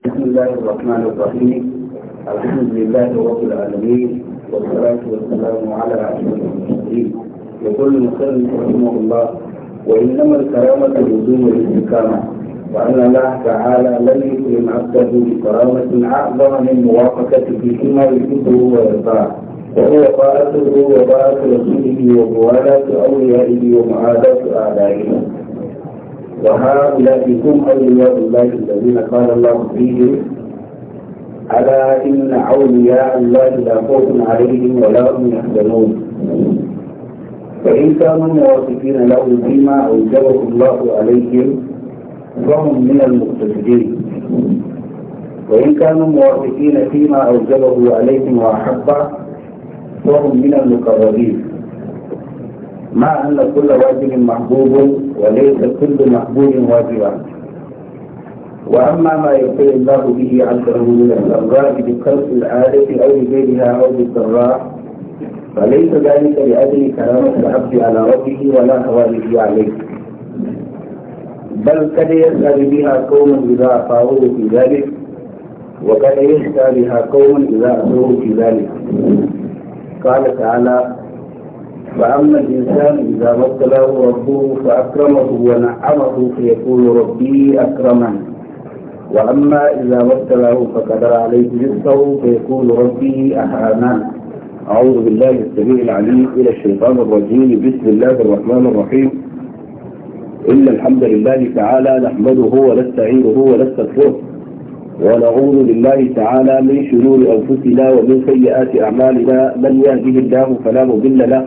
بسم الله الرحمن الرحيم الحمد لله رب العالمين والصلاة والسلام على أشرف المرسلين يقول المسلم رحمه الله وإنما الكرامة لزوم الاستقامة وأن الله تعالى لم يكرم عبده بكرامة أعظم من موافقته فيما يحبه ويرضاه وهو طاعته وطاعة رسوله وموالاة أوليائه ومعاداة أعدائه وهؤلاء هم أولياء الله الذين قال الله فيهم ألا إن أولياء الله لا خوف عليهم ولا هم يحزنون فإن كانوا موافقين له فيما أوجبه الله عليهم فهم من المقتصدين وإن كانوا موافقين فيما أوجبه عليهم وأحبه فهم من المقربين مع أن كل واجب محبوب وليس كل محبوب واجبا وأما ما يبتلي الله به عبده من الأمراض بخلق العادة أو بغيرها أو بالضراء فليس ذلك لأجل كرامة العبد على ربه ولا هوانه عليه بل قد يسأل بها قوم إذا أطاعوه في ذلك وقد يسأل بها قوم إذا أطاعوه في ذلك قال تعالى فأما الإنسان إذا ما ابتلاه ربه فأكرمه ونعمه فيقول ربي أكرمن وأما إذا ما ابتلاه فقدر عليه رزقه فيقول ربي أهانن أعوذ بالله السميع العليم إلى الشيطان الرجيم بسم الله الرحمن الرحيم إن الحمد لله تعالى نحمده ونستعينه ونستغفره ونعوذ بالله تعالى من شرور أنفسنا ومن سيئات أعمالنا من يهده الله فلا مضل له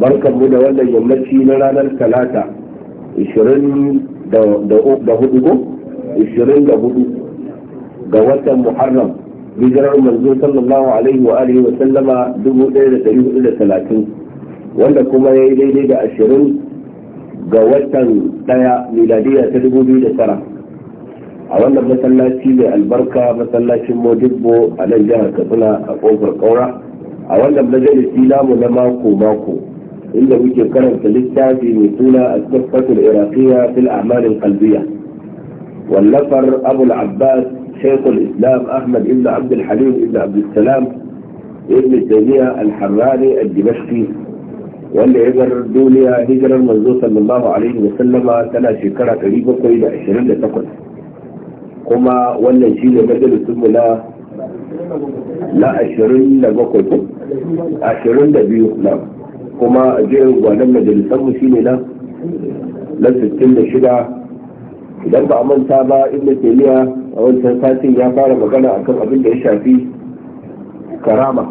barkanmu da wannan yammaci na ranar talata 24 ga watan muharram hijirar manzo sallallahu alaihi wa alihi wa sallama 1430 wanda kuma ya yi daidai da 20 ga watan daya miladiya ta 2009 a wannan masallaci mai albarka masallacin modibbo a nan jihar katsina a kofar kaura a wannan majalisi namu na mako mako إلا وجه كانت تلتا في نقول الدفة العراقية في الأعمال القلبية والنفر أبو العباس شيخ الإسلام أحمد ابن عبد الحليم ابن عبد السلام ابن الدنيا الحراني الدمشقي واللي هجر دوليا هجرا منزوطا صلى الله عليه وسلم تلا شكرا قريبا قريبا عشرين لتقل كما واللي شيء بدل ثم لا لا عشرين لبقل عشرين لبيو نعم kuma a jerin gwanon majalisar mu shine na na shida, idan ba a manta ba inda taymiya a wancan satin ya fara magana akan abin da ya shafi karama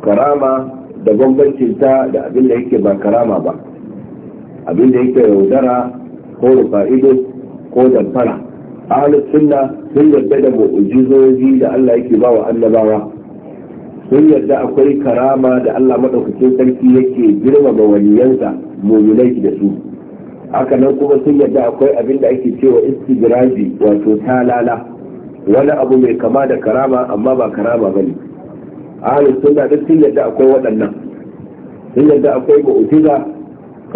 karama da bambancin ta da abin da yake ba karama ba abin da yake yaudara ko rufa ido ko damfara halittun sunna sun yarda da mu'ujizoji da Allah yake ba wa annabawa sun yarda akwai karama da Allah maɗaukacin sarki yake girmama waliyansa mu'minai da su haka nan kuma sun yarda akwai abin da ake cewa istidraji wato talala wani abu mai kama da karama amma ba karama ne ne. sun sun yarda akwai waɗannan sun yarda akwai mu'jiza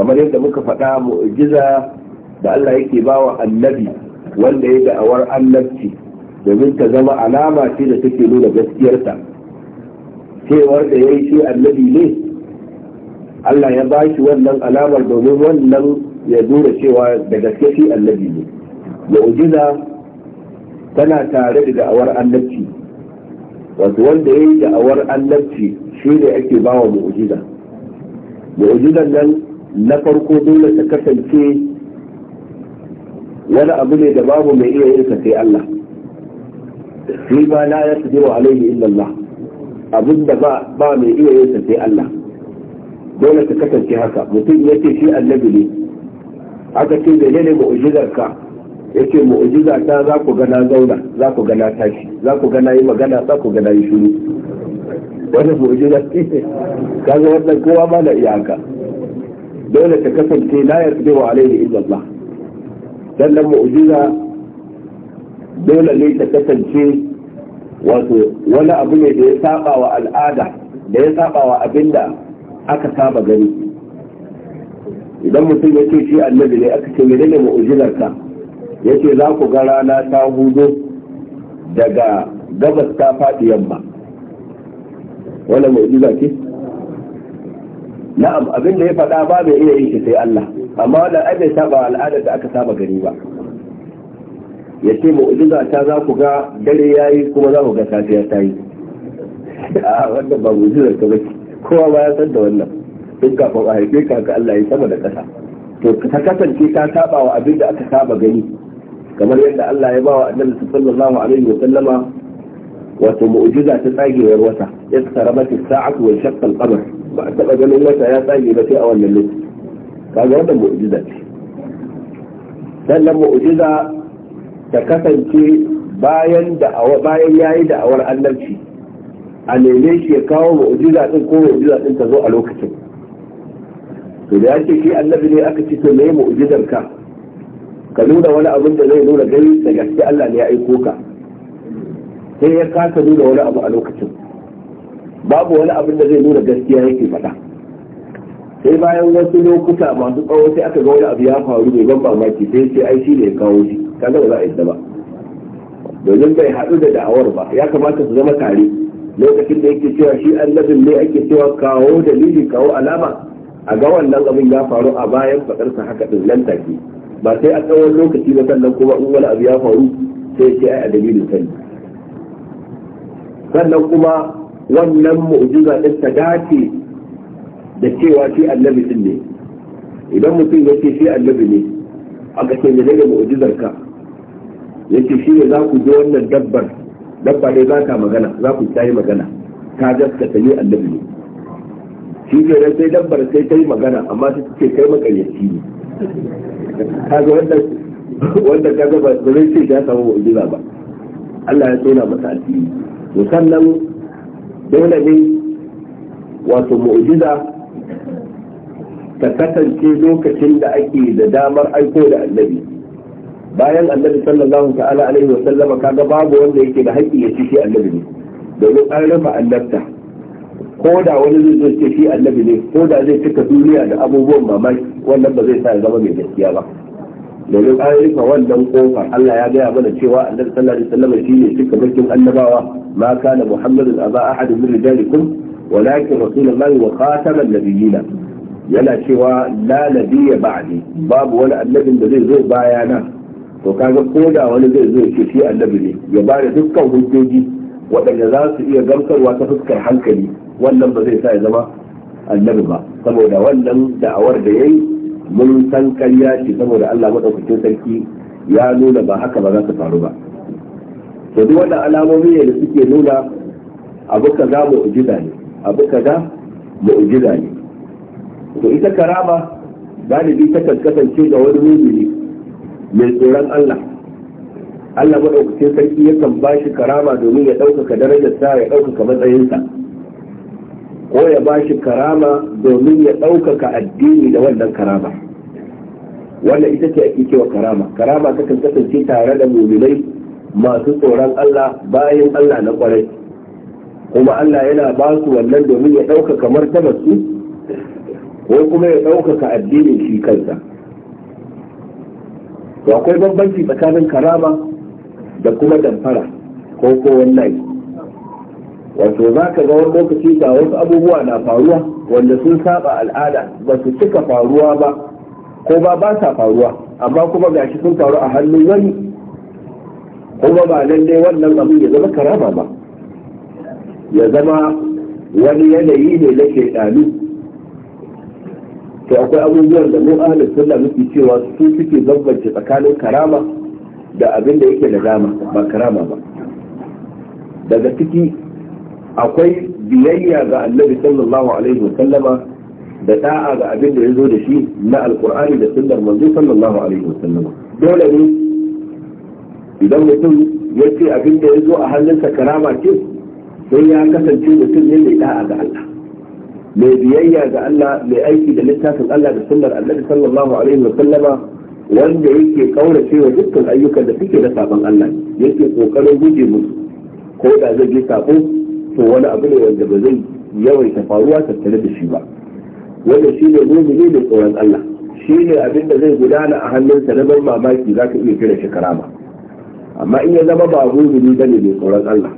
kamar yadda muka faɗa mu'jiza da Allah yake bawa annabi wanda ya da'awar annabci domin ta zama alama ce da take nuna gaskiyarta. cewar da ya yi shi annabi ne Allah ya ba shi wannan alamar domin wannan ya nuna cewa da gaske shi annabi ne mu'jiza tana tare da da'awar annabci wato wanda ya yi da'awar annabci shi ne ake ba wa mu'jiza mu'jizan nan na farko dole ta kasance wani abu ne da babu mai iya yin sai Allah shi ba la wa alaihi illallah Allah abin da ba mai iya yin sa sai Allah dole ka kasance haka mutum ya ce shi annabi ne aka ce da ne mu'jizar ka yace mu'jiza ta za ku ga na zauna za ku ga na tashi za ku ga na yi magana za ku ga na yi shiru wani mu'jiza ce ga wannan kowa ma na iya haka dole ka kasance la yaqdiru alaihi illa Allah dan mu'jiza dole ne ta kasance wato wani abu ne da ya saba wa al'ada da ya saba wa abin da aka saba gani idan mutum ya ce shi annabi ne aka ce mene ne ka. ya ce za ku ga rana ta hudu daga gabas ta faɗi yamma wannan mu'ujiza ce na'am abin da ya faɗa ba mai iya yin shi sai Allah amma wannan ai bai saba al'ada da aka saba gani ba ya ce mu'jiza ta za ku ga dare ya yi kuma za ku ga safiya ta yi a ah, wannan ba mu'jizar ka bace kowa ba ya san da wannan duk kafin a haife ka ga Allah ya sama da ƙasa to ka kasance ka saba wa abin da aka saba gani kamar yadda Allah ya bawa annabi sallallahu alaihi wa sallama wato mu'jiza ta tsagewar wata ya tsarabat as-sa'atu wa shaqqa al-qamar ba a taba ganin wata ya tsage ba sai a wannan lokaci kaga wannan mu'jiza ce sannan mu'jiza ta kasance bayan bayan yayi awar annabci a neme shi ya kawo mu'jiza din ko mu'jiza din ta zo a lokacin to da yake shi annabi ne aka ce to me mu'jizar ka ka nuna wani abin da zai nuna gari da gaske Allah ne ya aiko ka sai ya kasa nuna wani abu a lokacin babu wani abin da zai nuna gaskiya yake faɗa sai bayan wasu lokuta masu tsawo sai aka ga wani abu ya faru mai ban mamaki sai sai ai shi ne ya kawo shi kaga ba za a yadda ba domin bai haɗu da da'awar ba ya kamata su zama tare lokacin da yake cewa shi annabin ne ake cewa kawo dalili kawo alama a ga wannan abin ya faru a bayan sa haka din nan take ba sai a tsawon lokaci ba sannan kuma in wani abu ya faru sai ce ai a dalilin sani sannan kuma wannan mu'jiza din ta dace da cewa shi annabi din ne idan mutum ya ce shi annabi ne aka ce ne da mu'jizar ka yake shi ne za ku je wannan dabbar dabba ne za ka magana za ku yi magana ka ta yi annabi ne shi ke nan sai dabbar sai ta yi magana amma sai ce kai makaryaci ne kaga wanda wanda kaga ba zai ce ya samu mu'jiza ba Allah ya tona masa asiri to dole ne wato mu'jiza ta kasance lokacin da ake da damar aiko da annabi bayan annabi sallallahu ta'ala alaihi wa sallama kaga babu wanda yake da haƙƙi ya ci shi annabi ne domin an raba annabta ko da wani zai zo ce shi annabi ne ko da zai cika duniya da abubuwan mamaki wannan ba zai sa ya zama mai gaskiya ba domin an rufe wannan kofa Allah ya gaya mana cewa annabi sallallahu alaihi wasallam shi ne cika bakin annabawa ma kana muhammadun aba ahad min rijalikum walakin rasulullahi wa khataman nabiyina yana cewa la nabiyya ba'di babu wani annabin da zai zo bayana to kaga ko da wani zai zo ce shi annabi ne ya ba da dukkan hujjoji waɗanda za su iya gamsarwa ta fuskar hankali wannan ba zai sa ya zama annabi ba saboda wannan da'awar da yayi mun san karya shi saboda Allah madaukakin sarki ya nuna ba haka ba za ka faru ba to duk wannan alamomi ne da suke nuna abu kaza mu'jiza ne abu kaza mu'jiza ne to ita karama galibi ta kasance da wani mumini mai tsoron Allah Allah maɗaukacin sarki yakan ba shi karama domin ya ɗaukaka darajarsa ya ɗaukaka matsayinsa ko ya ba shi karama domin ya ɗaukaka addini da wannan karama wannan ita ce ake cewa karama karama takan kasance tare da muminai masu tsoron Allah bayan Allah na ƙwarai, kuma Allah yana ba su wannan domin ya ɗaukaka martabarsu ko kuma ya ɗaukaka addinin shi kansa to akwai bambanci tsakanin karama da kuma damfara ko ko wannan wato za ka ga wani lokaci ga wasu abubuwa na faruwa wanda sun saba al'ada ba su cika faruwa ba ko ba ba sa faruwa amma kuma shi sun faru a hannun wani kuma ba lallai wannan abu ya zama karama ba ya zama wani yanayi ne na shaidanu to akwai abubuwan da mu ahlus sunna muke cewa su suke bambance tsakanin karama da abin da yake nadama ba karama ba daga ciki akwai biyayya ga annabi sallallahu alaihi wa sallama da da'a ga abin da ya zo da shi na alkur'ani da sunnar manzo sallallahu alaihi wa sallama dole ne idan mutum ya ce abin da ya zo a hannunsa karama ce sai ya kasance mutum ne mai da'a ga Allah mai biyayya ga Allah mai aiki da littafin Allah da sunnar Annabi sallallahu alaihi wa sallama wanda yake kaurace wa dukkan ayyukan da suke da sabon Allah yake kokarin guje musu ko da zai je sabo to wani abu ne wanda ba zai yawaita faruwa tattare da shi ba wanda shi ne mumini da tsoron Allah shi ne abin da zai gudana a hannunsa na ban mamaki za ka iya kira shi karama amma in ya zama ba mumini bane mai tsoron Allah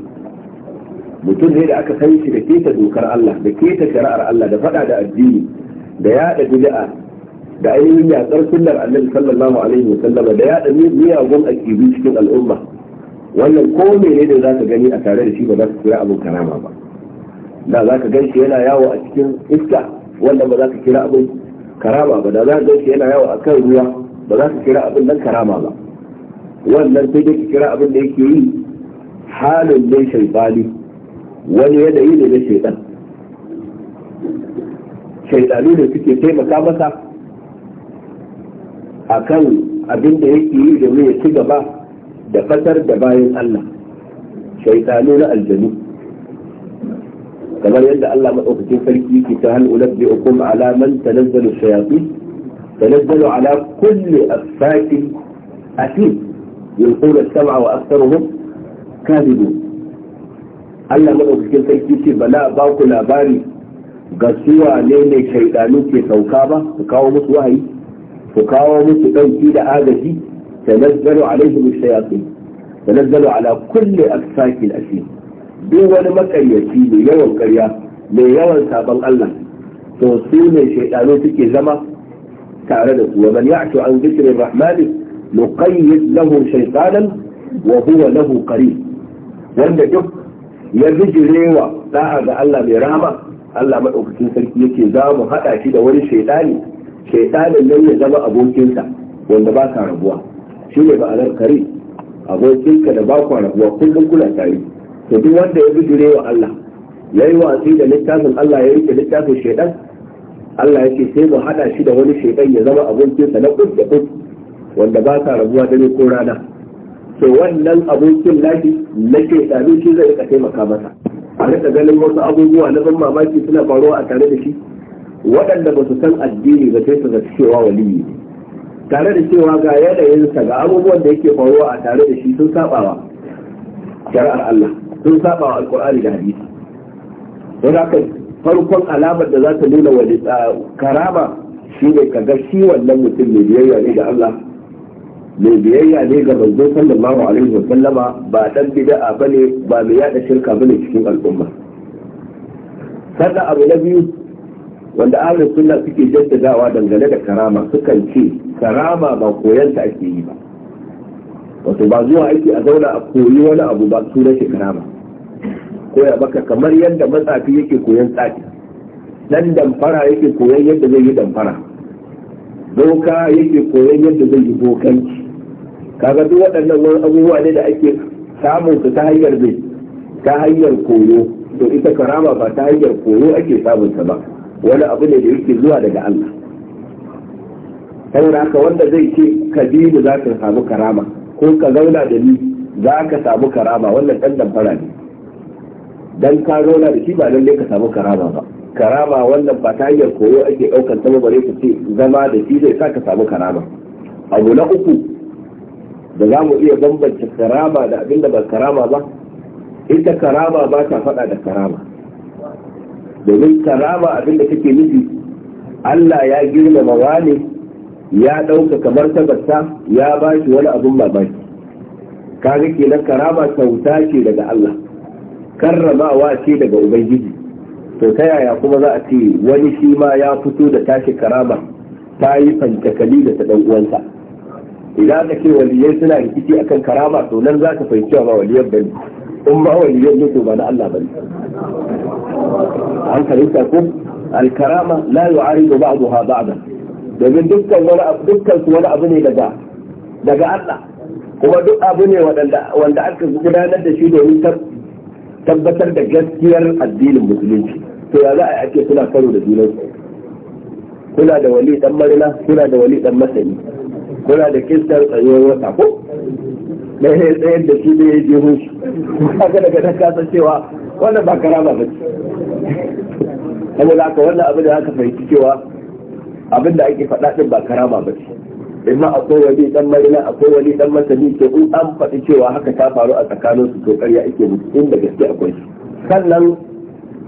mutum ne da aka san shi da keta dokar Allah da keta shari'ar Allah da faɗa da addini da yaɗa bid'a da ainihin yaƙar sunnar annabi sallallahu alaihi wasallama da yaɗa miyagun aƙidu cikin al'umma wannan ko mene ne za ka gani a tare da shi ba za ka kira abin karama ba da za ka ganshi yana yawo a cikin iska wanda ba za ka kira abin karama ba da za ka ganshi yana yawo a kan ruwa ba za ka kira abin nan karama ba wannan sai dai ka kira abin da yake yi halin ne shaibani wani yanayi ne na shaitan shaitanu ne suke taimaka masa a kan abin da yake yi domin ya ci gaba da fasar da bayan Allah shaitanu na aljanu kamar yadda Allah maɗaukakin sarki ke ta hal ulabbi ukum ala man tanazzalu shayatin tanazzalu ala kulli afakin asim yulquna as-sam'a wa aktharuhum kadhibun Allah cikin sarki ce bala ba ku labari ga suwa ne ne shaidanu ke sauka ba ku kawo musu wahayi ku kawo musu ɗauki da agaji tanazzalu alaihim shayatin tanazzalu ala kulli afsakin asim duk wani makaryaci mai yawan karya mai yawan sabon Allah to su ne shaidanu suke zama tare da su wa ya'tu an dhikri rahmani nuqayyid lahu shaytanan wa huwa lahu qarin wanda duk ya wa da'a ga Allah mai rahama Allah maɗaukacin sarki yake za mu haɗa shi da wani shaidani Shaiɗanin nan ya zama abokinsa wanda ba ka rabuwa shi ne ma'anar kare abokinka da ba ku rabuwa kullum kuna tare to duk wanda ya wa Allah ya yi watsi da littafin Allah ya rike littafin shaidan Allah yake sai mu haɗa shi da wani shaidan ya zama abokinsa na kus da wanda ba ka rabuwa da ni ko rana to wannan abokin laki na ke sami shi zai ka taimaka masa a rika ganin wasu abubuwa na ban mamaki suna faruwa a tare da shi waɗanda ba su san addini ba sai su zaci cewa waliyi tare da cewa ga yanayinsa ga abubuwan da yake faruwa a tare da shi sun sabawa shari'ar Allah sun sabawa alkur'ani da hadisi don haka farkon alamar da za ta nuna wani karama shi ne ka ga shi wannan mutum mai biyayya ne ga Allah mai biyayya ne ga manzo sallallahu alaihi wa sallama ba dan bid'a bane ba mai yada shirka bane cikin al'umma sannan abu na biyu wanda ahli sunna suke jaddadawa dangane da karama sukan ce karama ba koyanta ake yi ba wato ba zuwa ake a zauna a koyi wani abu ba sunan shi karama koya baka kamar yadda matsafi yake koyan tsafi dan damfara yake koyan yadda zai yi damfara doka yake koyan yadda zai yi dokanci kaga duk waɗannan wani abubuwa ne da ake samun su ta hanyar zai ta hanyar koyo to ita karama ba ta hanyar koyo ake samun ta ba wani abu ne da yake zuwa daga Allah saboda haka wanda zai ce ka bi ni za ka samu karama ko ka zauna da ni za ka samu karama wannan dan damfara ne dan ka zauna da shi ba lalle ka samu karama ba karama wannan ba ta hanyar koyo ake ɗaukar ba bare ka ce zama da shi zai sa ka samu karama abu na uku da za mu iya bambanta karama da abin da ba karama ba ita karama ba ta faɗa da karama domin karama abin da take nufi Allah ya girmama wani ya ɗauka kamar tabbata ya ba shi wani abin mamaki kaga kenan karama kyauta ce daga Allah karramawa ce daga Ubangiji to ta yaya kuma za a ce wani shi ma ya fito da tashi karama ta yi fantakali da ta ɗan uwansa idan aka ce waliyai suna rikici akan karama to nan za ka fahimci ba waliyan bane in ba waliyan ne to ba na Allah bane an fahimta ko alkarama la yu'aridu ba'daha ba'dan domin dukkan wani dukkan su wani abu ne daga daga Allah kuma duk abu ne wanda aka gudanar da shi domin tabbatar da gaskiyar addinin musulunci to ya za a ake suna karo da junansu kuna da wali dan marina kuna da wali dan masani kuna da kistar tsayuwar wata ko da ya tsayar da shi da ya je hunshi haka daga ta kasa cewa wannan ba karama ba ce saboda haka wannan abin da aka fahimci cewa abin da ake faɗa din ba karama ba ce imma akwai wani dan marina akwai wani dan masani ke in an faɗi cewa haka ta faru a tsakanin su to ƙarya ake musu inda gaske akwai sannan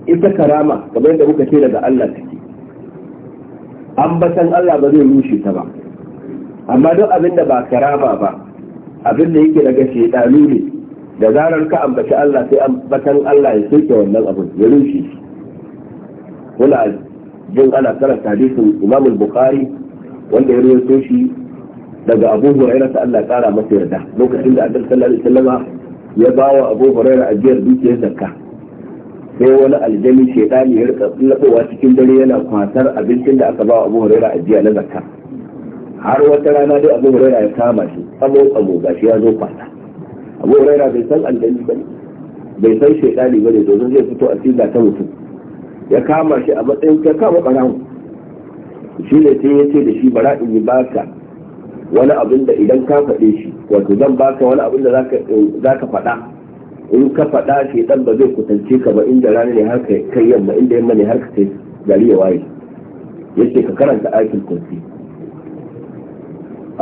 ita karama kamar yadda muka ce daga Allah take ambatan Allah ba zai rushe ta ba amma duk abin da ba karama ba abin da yake daga shaidanu ne da zarar ka ambaci Allah sai ambatan Allah ya soke wannan abin ya rushe shi kuna jin ana karanta hadisin Imam Bukhari wanda ya rawaito shi daga Abu Hurairah ta Allah kara masa yarda lokacin da Annabi sallallahu alaihi wasallama ya bawa Abu Hurairah ajiyar dukiyar zakka sai wani aljami shaidani ya rika lafowa cikin dare yana kwasar abincin da aka ba wa abu huraira ajiya na zakka har wata rana dai abu huraira ya kama shi tsamo tsamo gashi ya zo kwasa abu huraira bai san aljami ba ne, bai san shaidani ba ne domin zai fito a da ta mutum ya kama shi a matsayin ka kama barawo shi ne sai ya ce da shi bara in yi baka wani abin da idan ka faɗe shi wato zan baka wani abin da za ka faɗa in ka faɗa shi dan ba zai kusance ka ba inda rana ne har kai yamma inda yamma ne har ka kai gari ya waye yace ka karanta ayatul kursi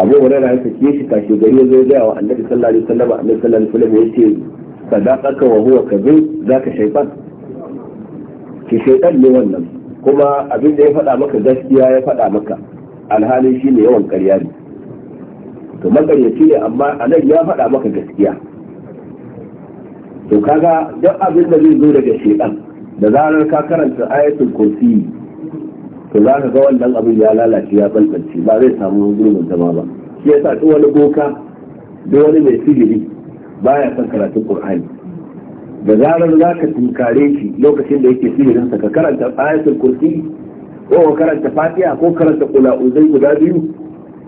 abu rana ya sake shi kashe gari ya zo gaya wa annabi sallallahu alaihi wasallam annabi sallallahu alaihi wasallam yace sadaqaka wa huwa kadhib zaka shaytan ki shaytan ne wannan kuma abin da ya faɗa maka gaskiya ya faɗa maka alhalin ne yawan ƙarya ne to makaryaci ne amma anan ya faɗa maka gaskiya to kaga duk abin da zai zo daga shekan da zarar ka karanta ayatul kursi to za ka ga wannan abin ya lalace ya balbalce ba zai samu gurbin zama ba shi yasa duk wani boka duk wani mai sihiri baya son karatun qur'ani da zarar za ka tunkare shi lokacin da yake sihirin sa ka karanta ayatul kursi ko karanta fatiha ko karanta kula uzai guda biyu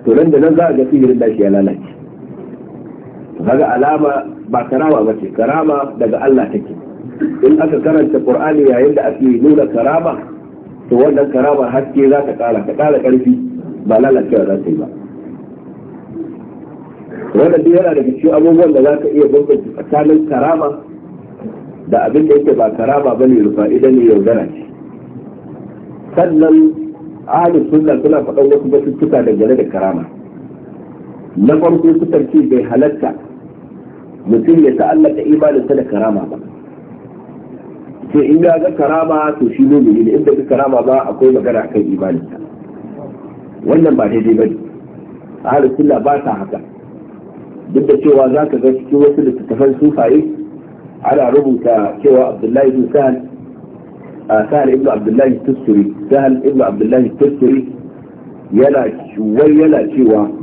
to nan da nan za a ga sihirin da shi ya lalace kaga alama ba karama ba ce karama daga Allah take in aka karanta qur'ani yayin da ake nuna karama to wannan karama haske za ta kara ta kara karfi ba lalacewa za ta yi ba wannan duk yana daga cikin abubuwan da za ka iya bambanta tsakanin karama da abin da yake ba karama bane rufa idan ne yaudara ce sannan ahli sunna suna faɗan wasu batuttuka dangane da karama na farko sukan ce bai halatta mutum ya ta'allaka imaninsa da karama ba sai in ya ga karama to shi mumini ne in bai ga karama ba akwai magana akan imaninsa wannan ba daidai ne. ahlus sunna ba ta haka duk da cewa za ka ga cikin wasu littattafan sufaye ana rubuta cewa abdullahi bin sahal sahal ibn abdullahi tusturi sahal ibn abdullahi tusturi yana cewa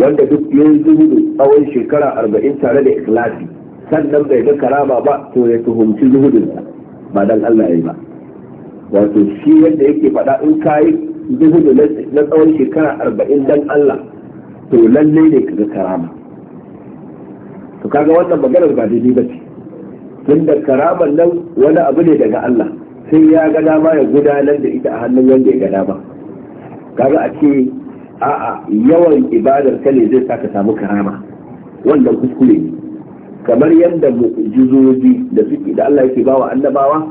wanda duk ya yi zuhudu tsawon shekara arba'in tare da ikhlasi sannan bai ga karama ba to ya tuhumci zuhudunsa ba dan Allah ya yi ba wato shi yadda yake faɗa in ka yi zuhudu na tsawon shekara arba'in dan Allah to lalle ne ka ga karama to kaga wannan maganar ba daidai ba ce tunda karamar nan wani abu ne daga Allah sai ya ga dama ya gudanar da ita a hannun wanda ya ga dama kaga a ce a'a yawan ibadar ta ne zai saka samu karama wannan kuskure ne kamar yadda mu'jizoji da suke da Allah yake bawa annabawa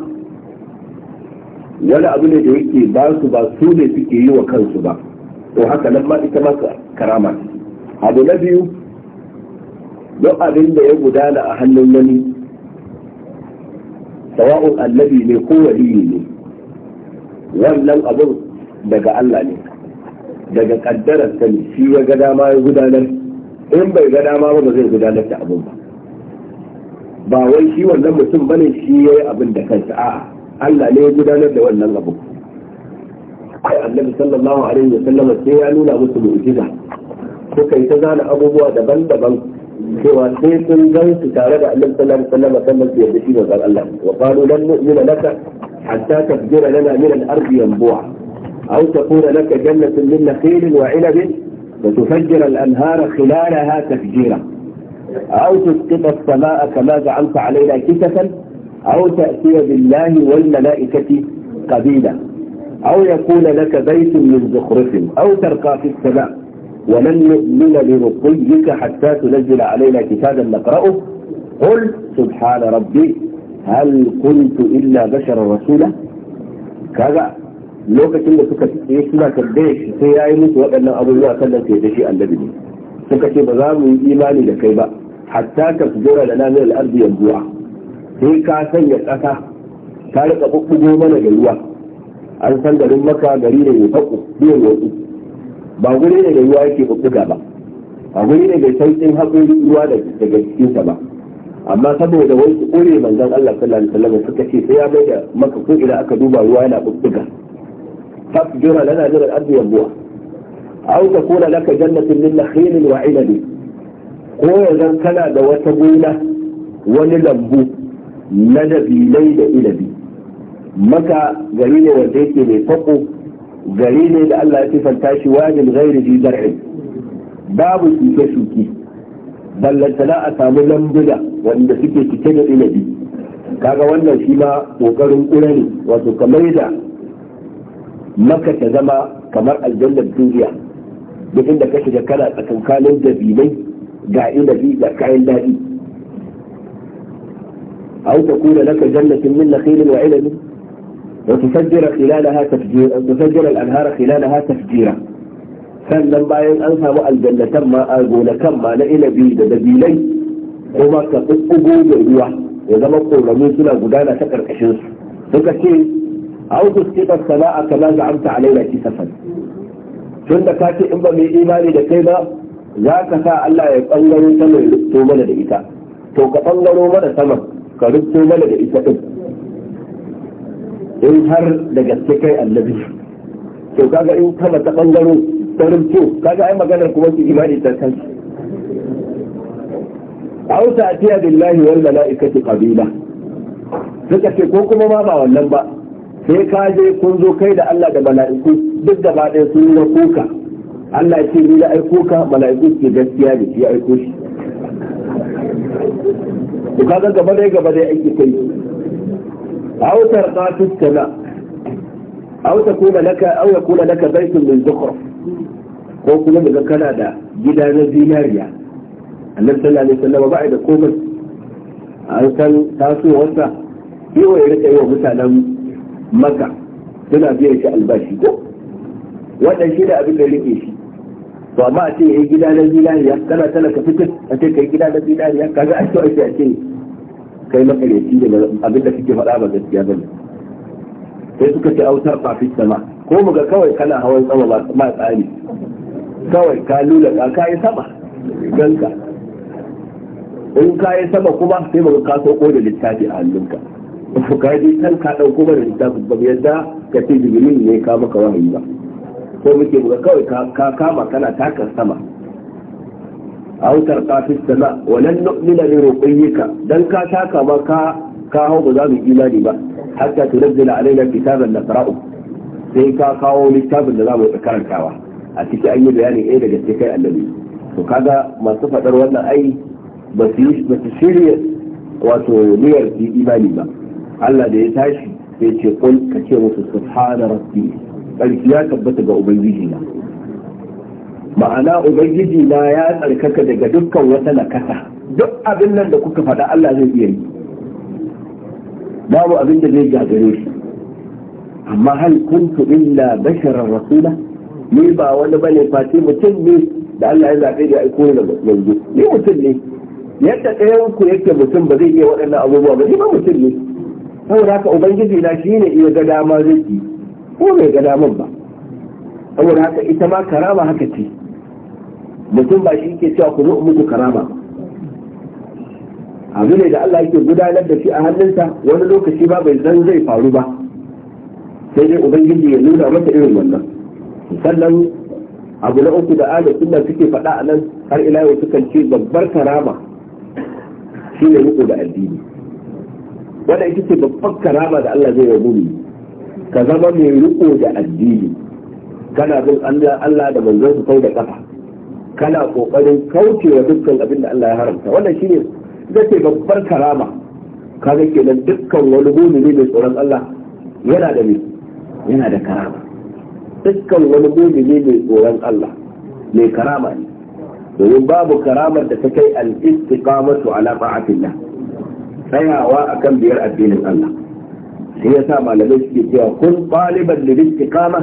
wani abu ne da yake ba su ba su ne suke yi wa kansu ba to haka nan ma ita ma karama abu na biyu duk abin da ya gudana a hannun wani sawa'un annabi ne ko wali ne wannan abun daga Allah ne daga kaddarar ta ne shi ya ga dama ya gudanar in bai ga dama ba zai gudanar da abun ba ba wai shi wannan mutum ba ne shi ya yi abin da kansa a'a Allah ne ya gudanar da wannan abu ai annabi sallallahu alaihi wa sallama sai ya nuna musu mu'jiza ko kai ta zana abubuwa daban-daban cewa sai sun gan su tare da annabi sallallahu alaihi wa sallama sannan su yarda shi manzon Allah wa qalu lan nu'mina laka hatta tafjira lana min al-ardi yanbu'a أو تكون لك جنة من نخيل وعنب فتفجر الأنهار خلالها تفجيرا أو تسقط السماء كما جعلت علينا كتفا أو تأتي بالله والملائكة قبيلا أو يكون لك بيت من زخرف أو ترقى في السماء ولن نؤمن لرقيك حتى تنزل علينا كتابا نقرأه قل سبحان ربي هل كنت إلا بشرا رسولا كذا lokacin da suka tsaye suna tambaye shi sai ya yi musu waɗannan abubuwa sannan sai da shi annabi ne suka ce ba za mu yi imani da kai ba hatta ka jira da namin al'arzi yanzu sai ka sanya ƙasa ta rika ɓuɓɓugo mana da ruwa an san garin maka gari ne mai faƙo biyan wasu ba guri ne da ruwa yake ɓuɓɓuga ba a guri ne da sauƙin haƙorin ruwa daga cikinsa ba amma saboda wasu ƙure manzan Allah sallallahu alaihi wasallam suka ce sai ya bai da maka ko ina aka duba ruwa yana ɓuɓɓuga فاقدر لنا من الأرض ينبوع أو تكون لك جنة من نخيل وعنب ko zan kana da wata gona wani lambu na dabilai da ilabi maka gari ne wanda yake mai fako gari ne da Allah ya sifanta shi wajin gairi ji zar'in babu shuke shuke ballantana a samu lambuna wanda suke cike da ilabi kaga wannan shi ma kokarin kura ne wato kamar da maka ta zama kamar aljannar duniya duk inda ka shiga kana tsakankanin dabilai ga inabi da kayan daɗi أو تكون لك جنة من نخيل وعنب وتفجر خلالها تفجيرا تفجر الأنهار خلالها تفجيرا sannan bayan an samu aljannatan ma a gonakan ma na inabi da dabilai kuma ka tsuggo da ruwa ya zama korami suna gudana ta karkashin su ce au tusqita sala'a kama za'amta alaina kisafan tunda ka ce in ba mu yi imani da kai ba za ka sa Allah ya bangaro ta mai rubto mana da ita to ka bangaro mana sama ka rubto mana da ita din in har da gaske kai annabi to kaga in kama ta bangaro ta rubto kaga ai maganar kuma su imani ta kan aw ta'tiya billahi wal mala'ikati qabila suka ce ko kuma ma ba wannan ba sai ka je kun zo kai da Allah da mala'iku duk gaba ɗaya sun yi kuka Allah ce ni da aiko ka mala'iku ke gaskiya ne ya aiko shi Ku ka ga gaba ɗaya gaba ɗaya ake kai autar A sana aw takuna laka aw kuna laka baytun min zukhruf ko kuma daga kana da gida na zinariya annabi sallallahu alaihi wasallam ba da komai an san tasowarsa yau ya rika yi wa mutanen maka suna biyan shi albashi ko wannan shi da abin da rike shi to amma a ce yayi gida na zinariya kana ka fitin a ce kai gida na zinariya kaga a ce ce a ce kai makareci da abin da kike faɗa ba gaskiya bane sai suka ce autar ba fit sama ko mu ga kawai kana hawan sama ba ma tsari kawai ka lula ka kai sama ganka in ka yi sama kuma sai mu ka ko da littafi a hannunka ka kan ka dauko mana littafin ba yadda ka ce jibril ne ka maka wahayi ba ko muke buga kawai ka kama kana taka sama aw tarqa fi sama wa lan nu'mina li ruqayyika dan ka taka ma ka ka hau ba za mu imani ba hatta tunzila alaina kitaban naqra'u sai ka kawo littafin da za mu karantawa a cikin an yi bayani ɗaya daga cikin annabi to kaga masu faɗar wannan ai ba su shirya wato yi imani ba Allah da ya tashi sai ce kul ka ce musu subhana rabbi sarki ya tabbata ga ubangiji na ma'ana ubangiji na ya tsarkaka daga dukkan wata nakasa duk abin nan da kuka faɗa Allah zai iya yi babu abin da zai gagare shi amma hal kuntu illa basharar rasula ni ba wani bane face mutum ne da Allah ya zaɓe da aiko da yanzu ni mutum ne yadda ɗayan ku yake mutum ba zai iya waɗannan abubuwa ba ni ba mutum ne saboda haka ubangiji na shi ne iya ga dama zai ko bai ga daman ba saboda haka ita ma karama haka ce mutum ba shi ke cewa kuma zo muku karama abu ne da Allah yake gudanar da shi a hannunsa wani lokaci ba bai zan zai faru ba sai dai ubangiji ya nuna masa irin wannan sannan abu na uku da ala sunna suke faɗa a nan har ila yau sukan ce babbar karama shine ne da addini wanda ita ce babban karama da Allah zai rabu ka zama mai riko da addini kana bin Allah da manzon su kai da kafa kana kokarin kaucewa dukkan abin da Allah ya haramta wannan shine ita ce babbar karama kaga kenan dukkan wani mu'mini mai tsoron Allah yana da yana da karama dukkan wani mu'mini mai tsoron Allah mai karama ne domin babu karamar da ta kai al-istiqamatu ala ta'atillah tsayawa akan biyar addinin Allah ya yasa malamai suke cewa kun taliban lil istiqama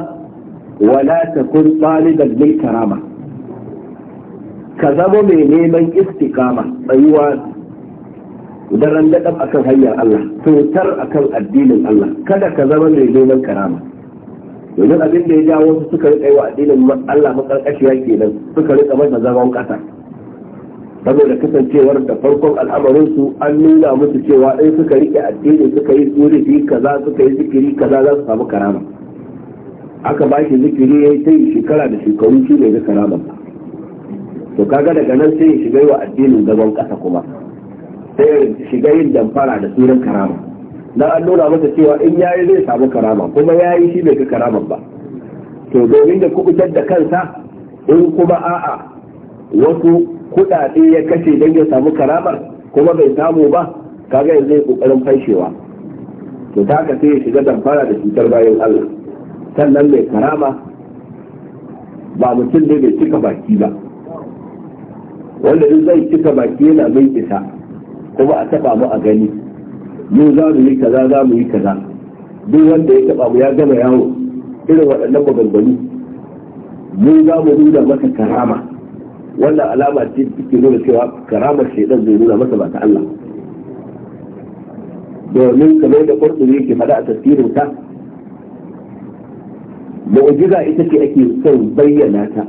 wa ta kun taliban lil karama ka zama mai neman istiqama tsayuwa da a akan hanyar Allah tutar akan addinin Allah kada ka zama mai neman karama domin abin da ya jawo su suka rika yi wa addinin Allah makarkashiya kenan suka rika masa zaman ƙasa saboda kasancewar da farkon al'amarin su an nuna musu cewa in suka rike addini suka yi surifi kaza suka yi zikiri kaza za su samu karama aka ba shi zikiri ya yi ta yi shekara da shekaru shi ne ga karama ba to kaga daga nan sai ya shiga yi wa addinin gaban kasa kuma sai ya shiga yin damfara da sunan karama dan an nuna masa cewa in yayi zai samu karama kuma yayi shi bai ga karama ba to domin da kubutar da kansa in kuma a'a wasu kuɗaɗe ya kashe don ya samu karamar kuma bai samu ba kaga yanzu zai kokarin fashewa to ta ka sai ya shiga damfara da cutar bayan Allah sannan mai karama ba mutum ne bai cika baki ba wanda duk zai cika baki yana mai isa kuma a taba mu a gani mu za mu yi kaza za mu yi kaza duk wanda ya taba mu ya gama yawo irin waɗannan maganganu mu za mu nuna maka karama wannan alama ce take nuna cewa karamar shaidan zai nuna masa ba ta Allah domin kamar da ƙurɗuri ke fada a tasirin ta mu'jiza ita ce ake son bayyana ta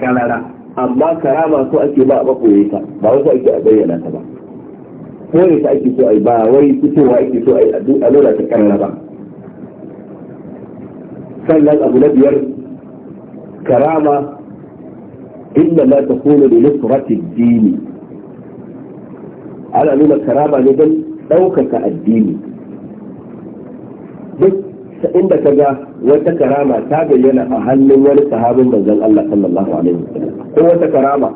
kanara amma karama so ake ba a ɓaɓɓoye ta ba wasu ake a bayyana ta ba ne ta ake so a yi ba wai fitowa ake so a yi a nuna ta kanara ba sannan abu na biyar karama inda ma ta kone da nusratid dini ana nuna karama ne don ɗaukaka addini duk inda ka ga wata karama ta bayyana a hannun wani sahabin manzon Allah sallallahu alaihi wasallam ko wata karama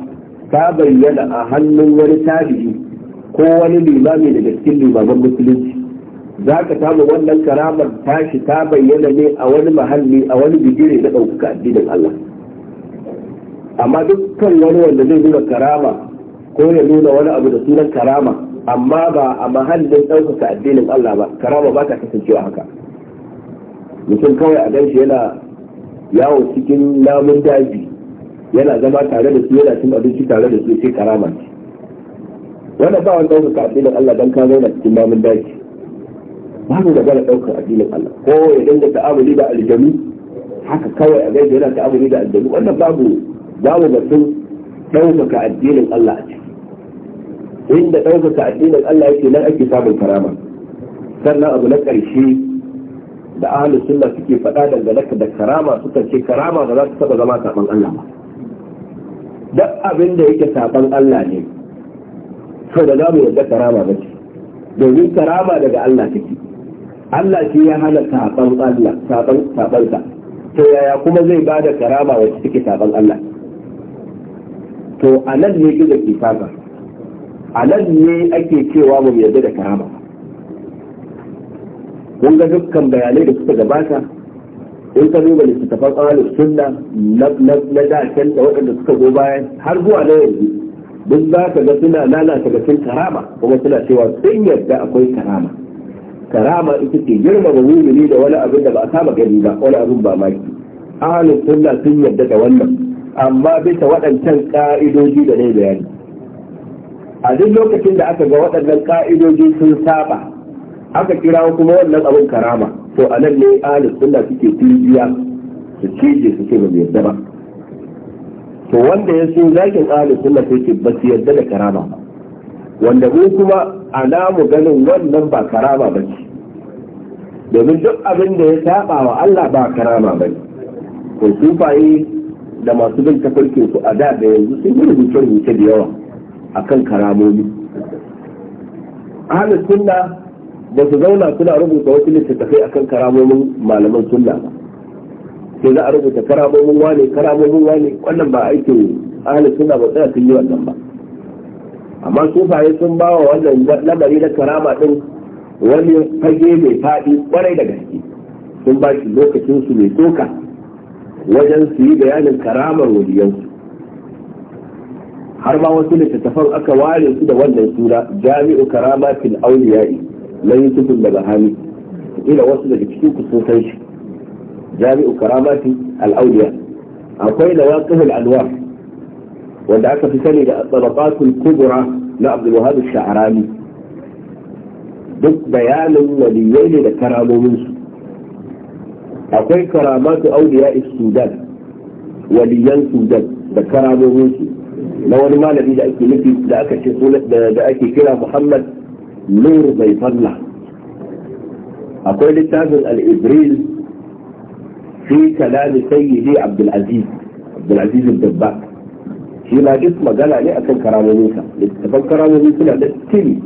ta bayyana a hannun wani tabi'i ko wani limami daga cikin limaman musulunci za ka samu wannan karamar tashi ta bayyana ne a wani mahalli a wani bigire na ɗaukaka addinin Allah amma dukkan wani wanda zai nuna karama ko ya nuna wani abu da sunan karama amma ba a mahallin ɗaukaka addinin Allah ba karama ba ta kasancewa haka mutum kawai a ganshi yana yawo cikin namun daji yana zama tare da su yana cin abinci tare da su sai karama ce wannan ba wani ɗaukaka addinin Allah dan ka zauna cikin namun daji Ba mu da gara ɗaukar addinin Allah ko ya dinga ta'amuli da aljami haka kawai a ganshi yana ta'amuli da aljami wannan babu za mu ga sun ɗaukaka addinin Allah a ciki inda ɗaukaka addinin Allah yake nan ake samun karama sannan abu na ƙarshe da ahalus sunna suke faɗa dangane da karama suka ce karama ba za ta taɓa zama saban Allah ba duk abin da yake saban Allah ne sau da za mu yarda karama ba ce domin karama daga Allah take Allah shi ya hana saban Allah saban saban to yaya kuma zai ba da karama wacce take saban Allah to a nan ne gizo ke fasa a nan ne ake cewa ba mu yarda da karama kun ga dukkan bayanai da suka gabata in ka duba littattafan ahalus sunna na da can da waɗanda suka go bayan har zuwa na yanzu duk za ka ga suna lalata cin karama kuma suna cewa sun yarda akwai karama karama ita ce girmama mumini da wani abin da ba a saba gani ba wani abin ba maki ahalin sunna sun yarda da wannan amma bisa waɗancan ƙa'idoji da dai bayani a duk lokacin da aka ga waɗannan ƙa'idoji sun saba aka kira kuma wannan abin karama to a nan ne ahlus sunna suke tijiya su cije su ce ba yadda ba to wanda ya so zakin ahlus sunna sai ce ba su yadda da karama ba wanda mu kuma ana mu ganin wannan ba karama ba ce domin duk abin da ya saba wa Allah ba karama ba ne to sufaye da masu bin tafarkin su a da da yanzu sun yi rubuce rubuce da yawa akan karamomi ahalar sunna ba su zauna suna rubuta wasu littattafai kan karamomin malaman sunna ba sai za a rubuta karamomin wane karamomin wane wannan ba aikin ahalar sunna ba tsaya sun yi wannan ba amma sufaye sun ba wa wannan lamari na karama din wani fage mai faɗi kwarai da gaske sun ba shi lokacinsu mai tsoka wajen su yi bayanin karamar waliyansu har ba wasu littattafan aka ware su da wannan suna jami'u karama fil auliyai na yusuf da bahami ila wasu daga cikin ku sun san shi jami'u karama fil al'auliya akwai da waqihul anwar wanda aka fi sani da tsaraqatul kubra na abdul wahab sha'rani duk bayanin waliyai ne da karamomin su akwai karamatu auliya sudan waliyan sudan da karamomin su na wani malami da ake nufi da aka ce da ake kira muhammad nur mai falla akwai littafin al-ibril fi kalami sayyidi abdulaziz abdulaziz al-dabbak shi na duk magana ne akan karamominsa littafan karamomin suna da tiri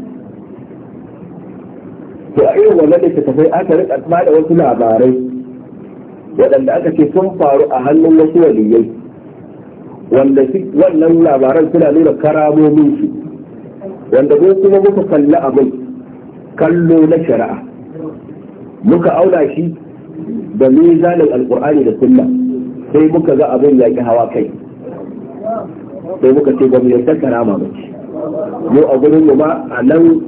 to a irin wannan tafai aka rika da wasu labarai waɗanda aka ce sun faru a hannun wasu waliyai wanda wannan labaran suna nuna karamomin su wanda ko kuma muka kalli abin kallo na shari'a muka auna shi da mizanin alkur'ani da sunna sai muka ga abin ya ki hawa kai sai muka ce gwamnati ta karama ba ce mu a gurin mu ma a nan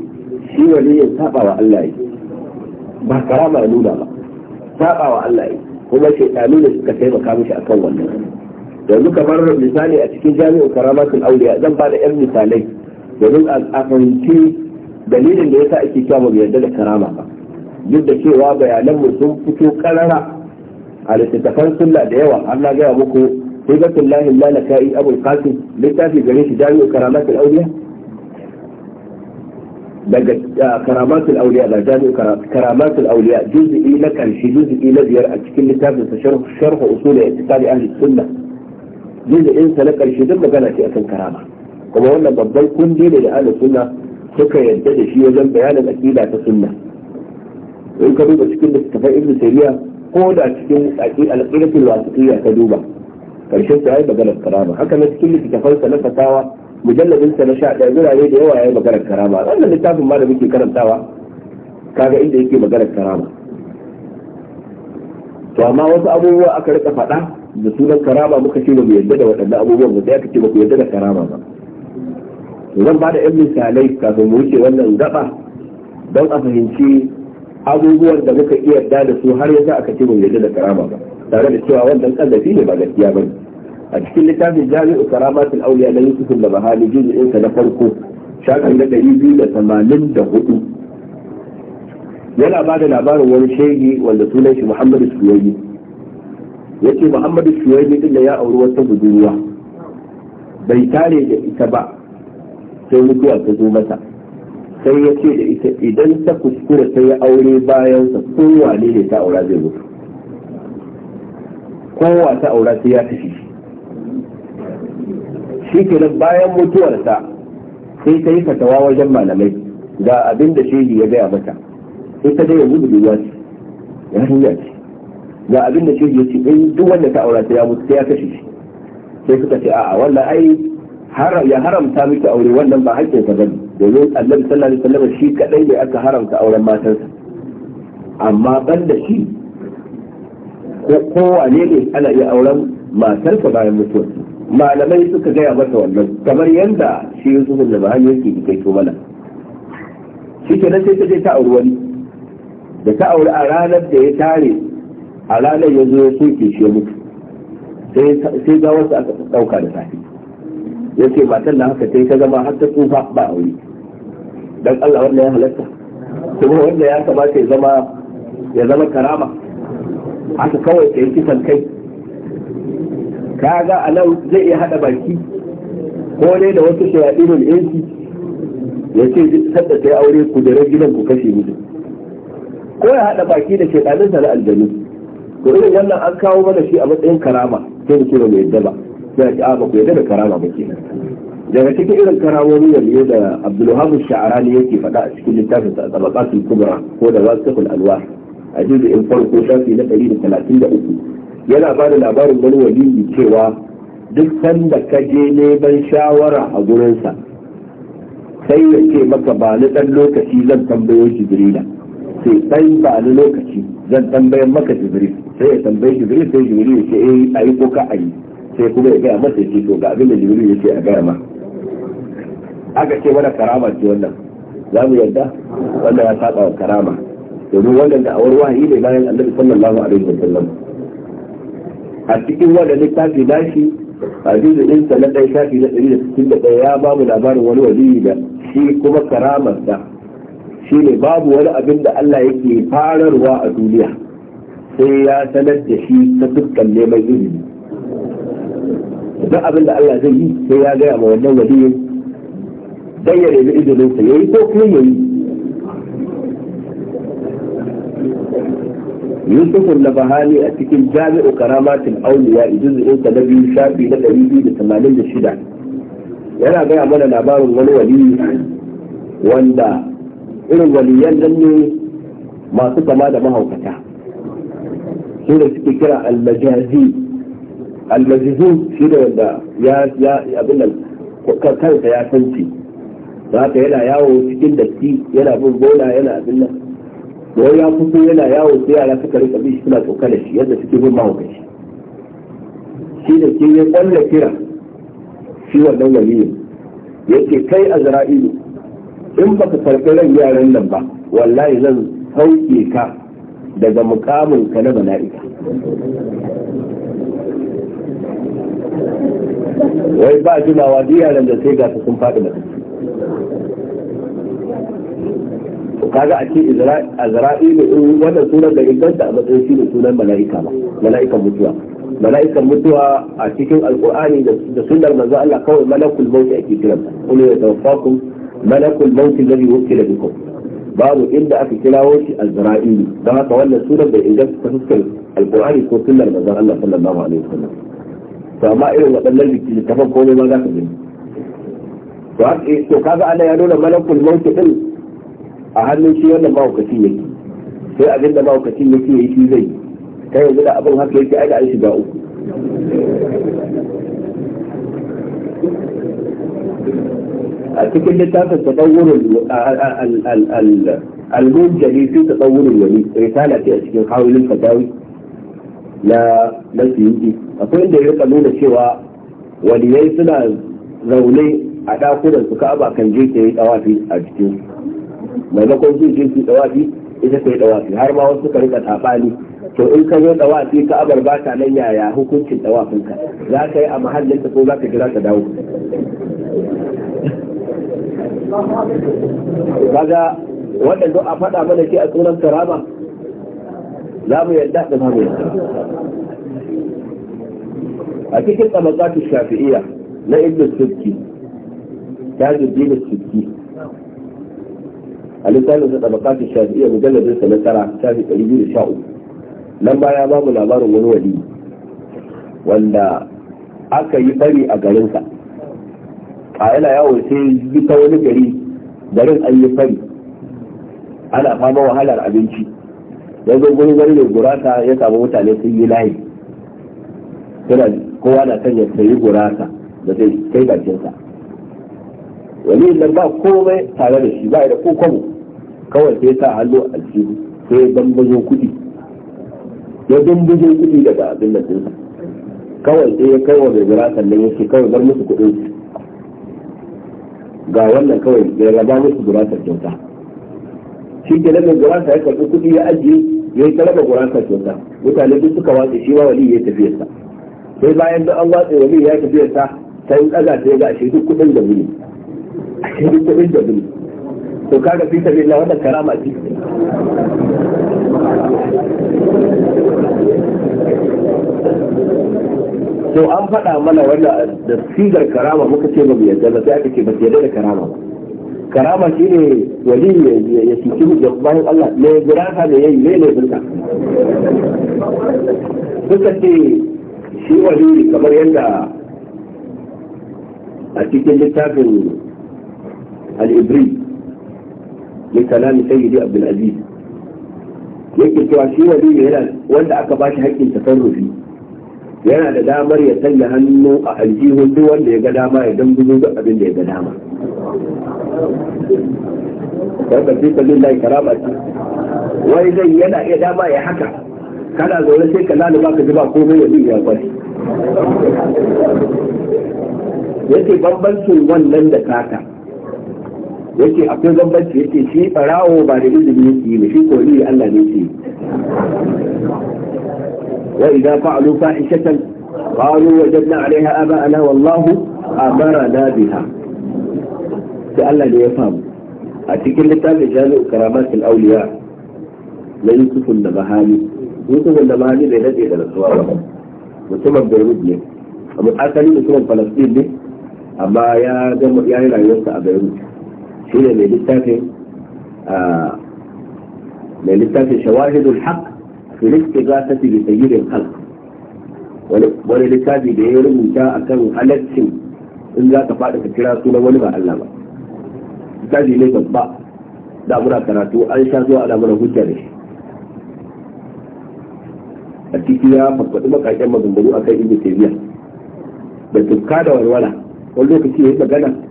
shi waliyin saba wa Allah yi ba karama nuna ba saba wa Allah yi kuma shaitanu da suka taimaka mishi akan wannan yanzu kamar misali a cikin jami'in karamatul auliya zan ba da yan misalai domin a fahimci dalilin da yasa ake kyamar yarda da karama ba duk da cewa bayanan mu sun fito karara a littattafan sulla da yawa an na gaya muku hibatullahi lalaka'i abul qasim littafi gare shi jami'in karamatul auliya daga ah, karamatul auliya da jami'u karamatul auliya juz'i na karshe juz'i na biyar a cikin littafin sa sharh usul i'tiqad ahli sunna juz'in sa na karshe duk magana ce akan karama kuma wannan babban kundi ne da ahli sunna suka yadda da shi wajen bayanin aqida ta sunna in ka duba cikin littafin ibn taymiya ko da cikin al-qidatul wasitiyya ka duba karshen sa yayi magana karama haka na cikin littafin sa na fatawa mujalladin sa na sha ɗaya birane da yawa ya yi maganar karama wannan littafin ma da muke karantawa kaga inda yake maganar karama to amma wasu abubuwa aka rika faɗa da sunan karama muka ce mu yadda da waɗannan abubuwan ba sai aka ce ku da karama ba zan ba da yan misalai kafin mu wuce wannan gaba don a fahimci abubuwan da muka iya yarda da su har yanzu aka ce mu yadda da karama ba tare da cewa wannan kallafi ne ba gaskiya ba ne a cikin littafin jami'u karamatul auliya na yusuf da bahali juz'in sa na farko shafin na ɗari biyu da tamanin da hudu yana ba da labarin wani shege wanda sunan shi muhammadu suwayi ya ce muhammadu suwayi din da ya auri wata budurwa bai tare da ita ba sai mutuwa ta zo mata sai ya ce da ita idan ta kuskura sai ya aure bayan sa kowa ne ta aura zai mutu kowa ta aura sai ya tafi shi nan bayan mutuwarsa sai ta yi fatawa wajen malamai ga abin da shehi ya gaya mata ta dai yanzu budurwa ce hanya ce ga abin da shehi ya ce in eh, duk wanda ta aura ta ya mutu sai ya kashe shi sai suka ce a'a wannan ai ya haramta miki aure wannan ba hakkin ka bane domin annabi sallallahu alaihi wasallam shi kadai ne aka haramta auren matarsa. amma ban da shi ko kowane ne ana iya auren matarsa bayan mutuwarsa malamai suka gaya masa wannan kamar yadda shi yusuf da bahani yake kai to mana shi kenan sai ta je ta auri wani da ta auri a ranar da ya tare a ranar ya zo ya soke shi ya mutu sai ga wasu aka ɗauka da safi ya ce matan na haka sai ta zama har ta tsufa ba aure Don Allah wanda ya halatta kuma wanda ya kamata ya zama ya zama karama haka kawai ka yi kisan kai kaga a nan zai iya haɗa baki ko ne da wasu shayaɗinul insi ya ce sadda yi aure ku da gidan ku kashe mutu ko ya haɗa baki da shayaɗinsa na aljanu Ko irin wannan an kawo mana shi a matsayin karama sai mu ce ba yadda ba sai a ba ku yadda da karama ba kenan daga cikin irin karamomi da biyu da abdulwahab sha'arani yake faɗa a cikin littafin sa tabaqatul kubra ko da wasiqul alwar a juz'in farko shafi na ɗari da da talatin uku. yana ba da labarin wani waliyi cewa duk sanda ka je neman shawara a gurinsa sai ya ce maka ba ni dan lokaci zan tambayo jibrila sai dan ba ni lokaci zan tambayar maka jibril sai ya tambayi jibril sai jibril ya ce eh ayi ko ka ayi sai kuma ya gaya masa shi to ga abin da jibril ya ce a gaya ma aka ce mana karama ce wannan za mu yarda wannan ya saba wa karama domin wannan da awar wahayi ne bayan annabi sallallahu alaihi wasallam a cikin wanda littafi nashi a sa na ɗaya shafi na ɗari da sittin da ɗaya ya ba mu labarin wani waliyi da shi kuma karamarsa shi ne babu wani abin da Allah yake fararwa a duniya sai ya sanar da shi ta dukkan neman izini duk abin da Allah zai yi sai ya gaya ma wannan waliyin dan ya nemi izininsa ya yi ko kuma ya yi yusuf al-bahani a cikin jami'u karamatin auliya juz'in sa na biyu shafi na 286 yana gaya mana labarin wani wali wanda irin waliyan nan ne masu kama da mahaukata su da suke kira al-majazi al da wanda ya ya abin nan kansa ya sanci za ka yana yawo cikin datti yana yana ko ya fito yana yawo sai yara suka rika bi suna suna da shi yadda suke bin mahaukaci shi da ke ya kwalla kira shi wannan waliyin yake kai a zara'ilu in baka karɓi ran yaran nan ba wallahi zan sauke ka daga mukamin ka na bala'ika wai ba jimawa duk yaran da sai gasa sun faɗi mutum kaga a ce azra'ilu in eh, wannan sunan da inganta a matsayin shi ne sunan mala'ika ba mala'ikan mutuwa mala'ikan mutuwa a cikin alqur'ani da sunan manzo Allah kawai malakul maut ake kiran kullu yatawaffakum malakul maut alladhi wukila bikum babu inda aka kirawo shi azra'ilu don haka wannan sunan in inganta ta fuskar alqur'ani ko sunan manzo Allah sallallahu alaihi wasallam to amma irin waɗannan littattafan komai ma za ka gani to eh, kaga Allah ya nuna malakul maut din a hannun shi wannan mahaukacin yake sai abin da mahaukacin yake yi shi zai ta yanzu da abin haka yake ai da an shiga uku a cikin littafin tadawurin al sun fi tadawurin wani risala ce a cikin hawilin fadawi na na suyuti akwai inda ya rika nuna cewa waliyai suna zaune a ɗakunan su ka'aba kan je ta yi tsawafi a jikin maimakon su je su dawafi ita ta yi dawafi har ma wasu ka rika tsafani to in ka zo dawafi ka abar ba ta nan yaya hukuncin dawafin ka za ka yi a mahallin ta ko za ka jira ka dawo kaga waɗanda a faɗa mana shi a tsoron karama za mu yadda da za mu yadda a cikin tsamakatu shafi'iyya na ibn sufki tajuddin sufki a littafin sa tabakatun shafi'iyya mujalladin sa na tara shafi 213 nan baya ba mu labarin wani wali wanda aka yi bari a garinsa a yana yawo sai yi ta wani gari garin an yi fari ana fama wahalar abinci ya zo gurin gari da gurata ya samu mutane sun yi layi suna kowa na ya sayi gurasa da sai kai bakinsa wani nan ba komai tare da shi ba da ko kawai sai sa hannu a aljihu sai ya dambazo kuɗi ya dambazo kuɗi daga abin da dinsa kawai sai ya kai wa mai jira sannan ya ce kawai bar musu kudin su ga wannan kawai ya raba musu gurasar kyauta shi ke nan gurasa ya karɓi kuɗi ya ajiye ya yi ta raba gurasa kyauta mutane duk suka watsa shi ma wali ya tafi sa sai bayan da an watsa wali ya tafiya sa sai in ɗaga sai ga shi duk kuɗin da wuni duk da wuni to kaga fi Allah wannan karama ce to an faɗa mana wannan da sigar karama muka ce ba mu yarda ba sai aka ce ba su da karama ba karama shi ne wali ya cuci da bayan Allah ne gurata da yayi ne ne zulka suka ce shi wali kamar yadda a cikin littafin al-ibri min kalami sayyidi abdul aziz yake cewa shi wali yana wanda aka bashi haƙƙin tasarrufi yana da damar ya sanya hannu a aljihun duk wanda ya ga dama ya dan gudu duk abin da ya ga dama wanda fi sallin lai karama ce wai zai yana iya dama ya haka kana zaune sai ka laluba ka ji ba komai ya ya kwari yake bambancin wannan da kaka yake akwai bambanci yake shi farawo ba da izini yake yi shi koli Allah ne yake wa idza fa'alu fa'ishatan qalu wajadna 'alayha aba'ana wallahu amarna biha sai Allah ne ya famu a cikin littafin jami'u karamatul auliya na Yusuf al-Bahani Yusuf al-Bahani bai dade da rasuwa ba mutumin Beirut ne amma asali mutumin Palestine ne amma ya yi rayuwarsa a Beirut في لسه هي للثاتي للثاتي شواهد الحق في الاستغاثة بسير الخلق وللثاتي بيهر منتاء كان خلق سن إن لا تفاعد فكرة سنة ولغة ألاما الثاتي ليس الضباء لا أمرا تراتو أنشاتو على أمرا هجرش الكتيا فقط ما كايتم مضمبرو أكايد بسيريا بل تبقى دوال ولا ولو كتير هيدا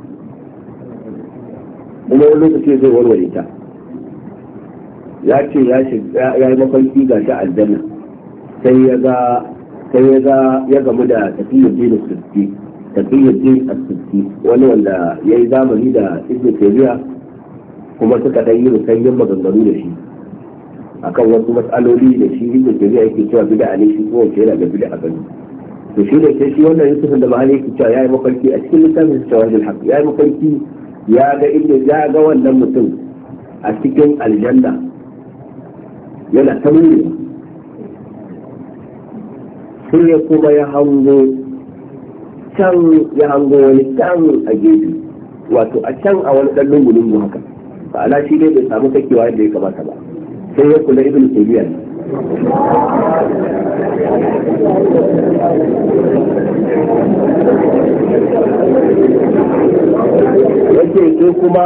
kuma wani lokaci zai warware ta ya ce ya yi mafarki ga shi aljanna sai ya ga sai ya ga ya gamu da tafiyyar sirki jini a asirki wani wanda ya yi zamani da ibn tafiya kuma suka ɗan yi rusayyar maganganu da shi a kan wasu matsaloli da shi ibn taymiya yake cewa bid'a ne shi kuma wace yana da bid'a a gani to shi ne sai shi wannan yusuf da ma'ana yake cewa ya yi mafarki a cikin littafin shawarar cewa ya yi mafarki ya ga inda ya ga wannan mutum a cikin aljanna yana ta sai kuma ya hango can ya hango wani can a gefe wato a can a wani ɗan lungu-lungu haka ba ala shi ne bai samu sakewa yadda ya kamata ba sai ya kula ibn taymiya yake sai kuma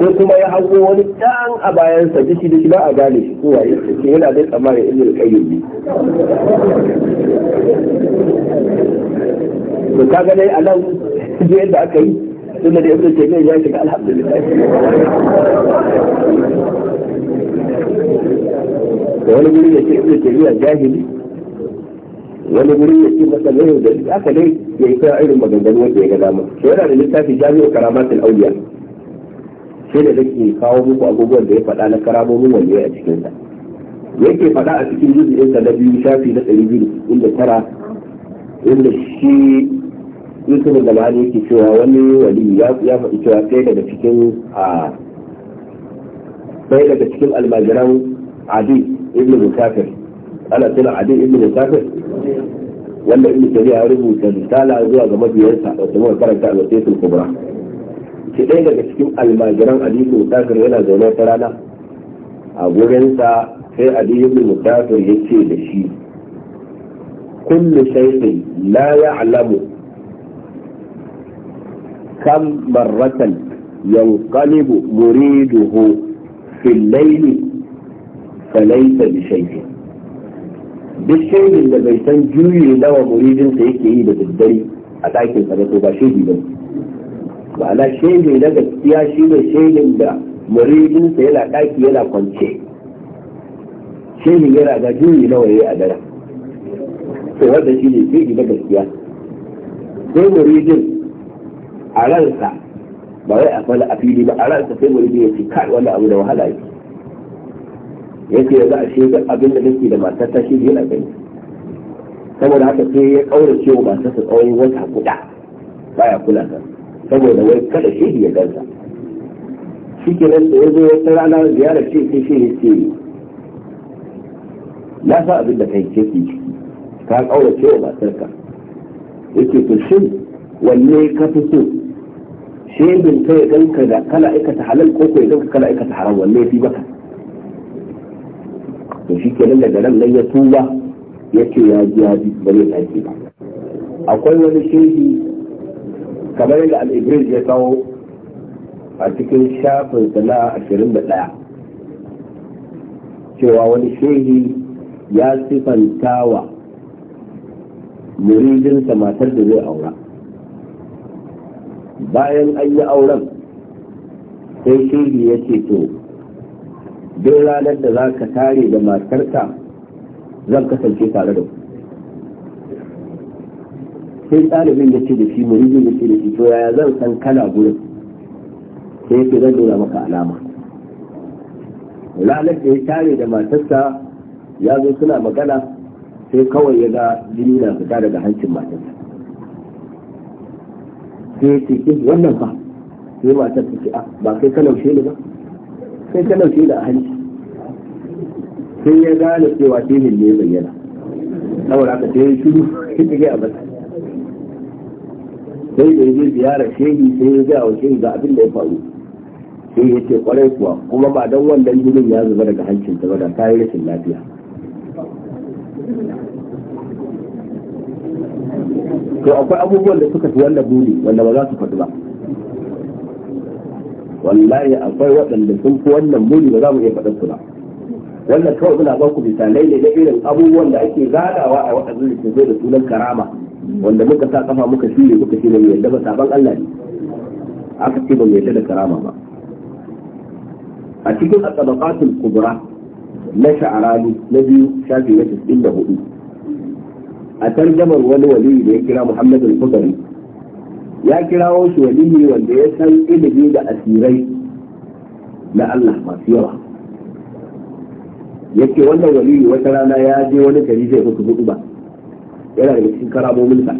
sai kuma ya hango wani dan a sa dishi dishi ba a gane shi ko waye shi yana da dai da ilmin kayyubi to kaga dai anan je yadda aka yi tunda da ibnu taymiya ya shiga alhamdulillah da wani guri da ke ibnu jahili wani wuri ya ce masa mai da aka dai ya yi kira irin maganganu wanda ya gada mu to yana da littafi jami'u karamatul auliya sai da nake kawo muku abubuwan da ya faɗa na karamomin wanda a cikin sa yake faɗa a cikin juz'in sa na biyu shafi na ɗari biyu inda tara inda shi yusuf da ma'ani yake cewa wani wali ya faɗi cewa sai daga cikin a sai daga cikin almajiran adi ibn musafir ana tuna adi ibn musafir wanda ibn Jarir ya rubuta risala zuwa ga mabiyansa wanda muka karanta al wasaitul kubra shi ɗaya daga cikin almajiran ali mutafir yana zaune ta rana a gurinsa sai ali ibn mutafir ya da shi kullu shay'in la ya'lamu kam marratan yanqalibu muriduhu fi al-layli falaysa bi shay'in duk shaidin da bai san juye dawa muridinsa yake yi da daddare a ɗakin sa to ba shaidi ba ma'ana shaidi na gaskiya shi ne shaidin da muridinsa yana ɗaki yana kwance shaidin yana ga juye ya yayi a daren to wanda shi ne shaidi na gaskiya sai muridin a ransa ba wai a a fili ba a ransa sai muridin ya ci kai wani abu da wahala yake yake yanzu a shi duk abin da nake da matar ta shi yana gani saboda haka sai ya kaura cewa matar ta tsawon wata guda baya kula ta saboda wai kada shi ya gansa shi ke nan da ya zo wata rana ziyarar shi sai shi ne ce na sa abin da kai ke ciki ka kaura cewa matar ka yake to shin wanne ka fi so shebin kai ganka da kana aikata halal ko ko ya ganka kana aikata haram wanne ya fi baka to shi kenan daga nan nan ya tuba ya ce ya ji ya ji ba zai sake ba akwai wani shehi kamar yadda al'ibris ya kawo a cikin shafin sana ashirin da ɗaya cewa wani shehi ya sifanta wa muridinsa matar da zai aura bayan an yi auren sai shehi ya ce to duk ranar da za ka tare da matarka zan kasance tare da ku sai ɗalibin da ce da shi muridin da ce da shi to yaya zan san kana gurin sai yake zan nuna maka alama ranar da ya tare da matarsa ya zo suna magana sai kawai ya ga jini na fita daga hancin matarsa sai ya ce eh, wannan ba sai matar ta ce ah, ba kai ka ne ni ba sai ka da hanci sai ya gane cewa shi ne bayyana saboda aka sai ya shiru shi ta a masa sai da je ziyara shehi sai ya gaya wa shehi ga abin da ya faru sai ya ce kwarai kuwa kuma ba dan wannan jinin ya zuba daga hancin ta ba da ta yi rashin lafiya to akwai abubuwan da suka fi wanda buri wanda ba za su faɗi ba wallahi akwai waɗanda sun fi wannan buri ba za mu iya faɗin su ba wannan kawai muna ba ku misalai ne na irin abubuwan da ake gadawa a waɗannan da ke da sunan karama wanda muka sa kafa muka shirye muka shirye mu yadda ba saban Allah ne aka ce ba mu yadda da karama ba a cikin asabaqatul kubra na sha'arani na biyu shafi na da hudu, a tarjamar wani waliyi da ya kira Muhammad al-Fukari ya kirawo shi waliyi wanda ya san ilimi da asirai na Allah masu yawa yake wannan waliyu wata rana ya je wani gari zai musu hudu ba yana da cikin karamomin sa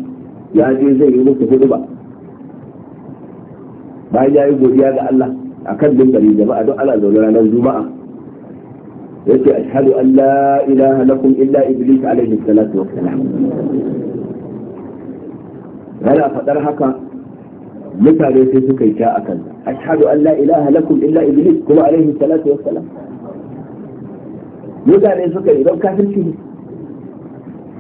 ya je zai yi musu hudu ba bayan ya yi godiya ga Allah a kan din gari jama'a don ana zaune ranar juma'a yake ashhadu an la ilaha lakum illa iblis alaihi salatu wa salam yana fadar haka mutane sai suka yi ta akan ashhadu an la ilaha lakum illa iblis kuma alaihi salatu wa salam mutane suka yi don kafirci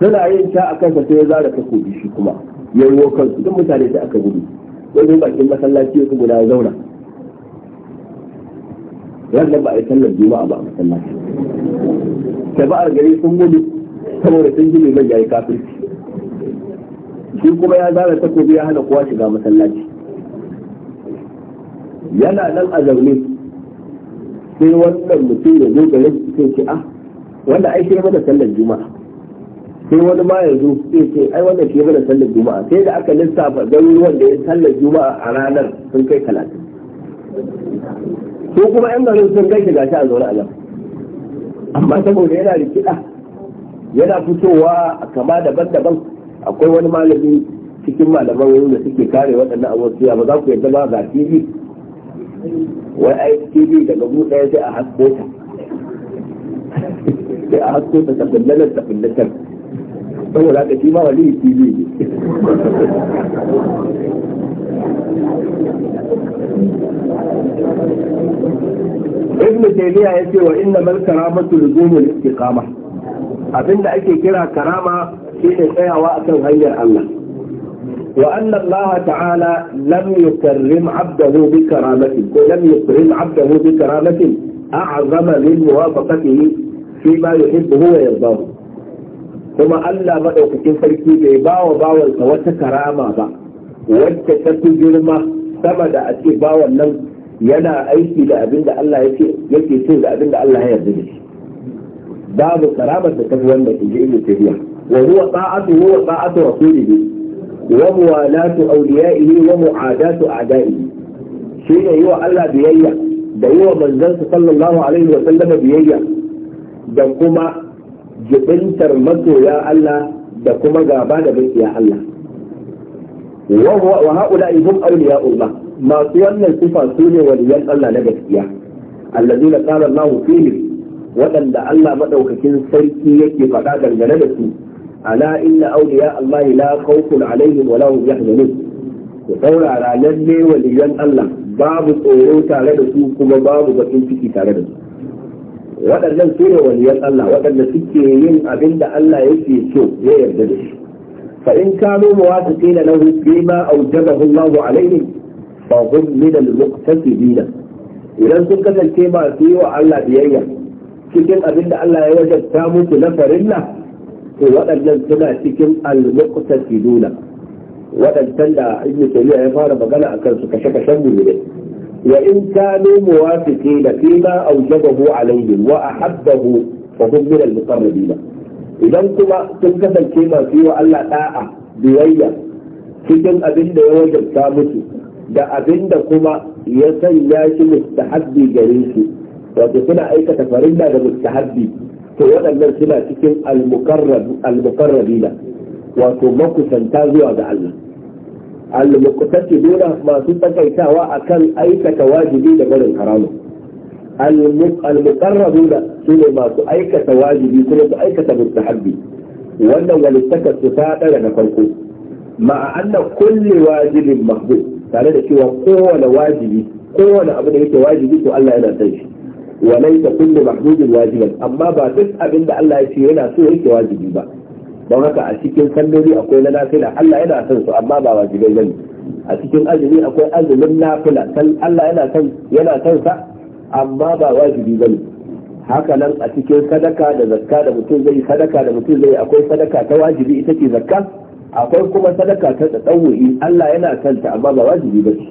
suna yin ta a kansa sai ya zara takobi shi kuma ya yi kansu duk mutane da aka gudu wajen bakin masallaci ya kuma na zauna yadda ba a yi sallar juma'a ba a masallaci a gari sun gudu saboda sun ji mai yayi kafirci shi kuma ya zara takobi ya hana kowa shiga masallaci yana nan a zaune sai wannan mutum ya zo garin sai ce ah wanda ai shi da sallar juma'a sai wani ma yanzu sai ce ai wannan shi da sallar juma'a sai da aka lissafa garuruwan da ya sallar juma'a a ranar sun kai talatin ko kuma yan garin sun kai shiga shi a zaune a amma saboda yana rikida yana fitowa a kama daban-daban akwai wani malami cikin malaman wurin da suke kare waɗannan abubuwa ba za ku yadda ba ga tv wai ai tv daga mu ɗaya sai a haskota. sai a hasko ta ta kullalar ta kullatar saboda haka shi ma wali shi zai yi ibn taymiya yace wa inna mal karamatu luzum al istiqama abinda ake kira karama shine tsayawa akan hanyar Allah wa anna Allah ta'ala lam yukarrim 'abdahu bi karamatin ko lam yukrim 'abdahu bi karamatin a'zama min muwafaqatihi fi ma yuhibbu huwa yardahu kuma Allah madaukakin sarki bai bawa bawansa wata karama ba wacce ta fi girma sama da a ce bawan nan yana aiki da abin da Allah yake yake so da abin da Allah ya yarda da shi babu karamar da ta tafi wanda ke ibn tabiya wa huwa ta'atu huwa ta'atu rasulihi wa muwalatu awliyaihi wa mu'adatu a'daihi shi ne yi wa Allah biyayya da yi wa manzansa sallallahu alaihi wa sallama biyayya da kuma jibintar masoya Allah da kuma gaba da makiya Allah wa haula ya awliya'ullah masu wannan sifa su ne waliyan Allah na gaskiya allazina qala Allahu fihi waɗanda Allah madaukakin sarki yake faɗa dangane da su ala inna awliya Allah la khawfun alaihim wa la yahzanun ku saurara ne waliyan Allah babu tsoro tare da su kuma babu bakin ciki tare da su waɗannan su ne waliyan Allah waɗanda suke yin abin da Allah yake so ya yarda da shi fa in kanu muwafiqina lahu bima awjabahu Allah alaihim fa hum min al-muqtasidin idan sun kasance ba su yi wa Allah biyayya cikin abin da Allah ya wajabta musu na farilla to waɗannan suna cikin al-muqtasiduna waɗancan da ibnu tayyiba ya fara magana akan su kashe-kashen mu ne وإن كانوا موافقين فيما أوجبه عليهم وأحبه فهم من المقربين إذا كما تنكت الكلمة في وألا تاء بوية cikin abin da ya wajabta musu da abin da kuma ya sanya shi mustahabbi gare su wato suna aikata farilla da mustahabbi to waɗannan suna cikin al-muqarrabina wato makusanta zuwa ga Allah al-muqtasiduna masu takaitawa akan aikata wajibi da barin haramu al-muqarrabuna sune masu aikata wajibi kuma su aikata mustahabbi wannan walittakar su ta dara na farko ma'a anna kulli wajibin mahdud tare da cewa kowane wajibi kowane abu da yake wajibi to Allah yana san shi wa laysa kullu mahdudin wajiban amma ba duk abin da Allah ya ce yana so yake wajibi ba don haka a cikin salloli akwai na nafila Allah yana son su amma ba wajibai bane a cikin azumi akwai azumin nafila san Allah yana son yana son sa amma ba wajibi bane haka nan a cikin sadaka da zakka da mutum zai sadaka da mutum zai akwai sadaka ta wajibi ita ce zakka akwai kuma sadaka ta tsawuri Allah yana son ta amma ba wajibi bane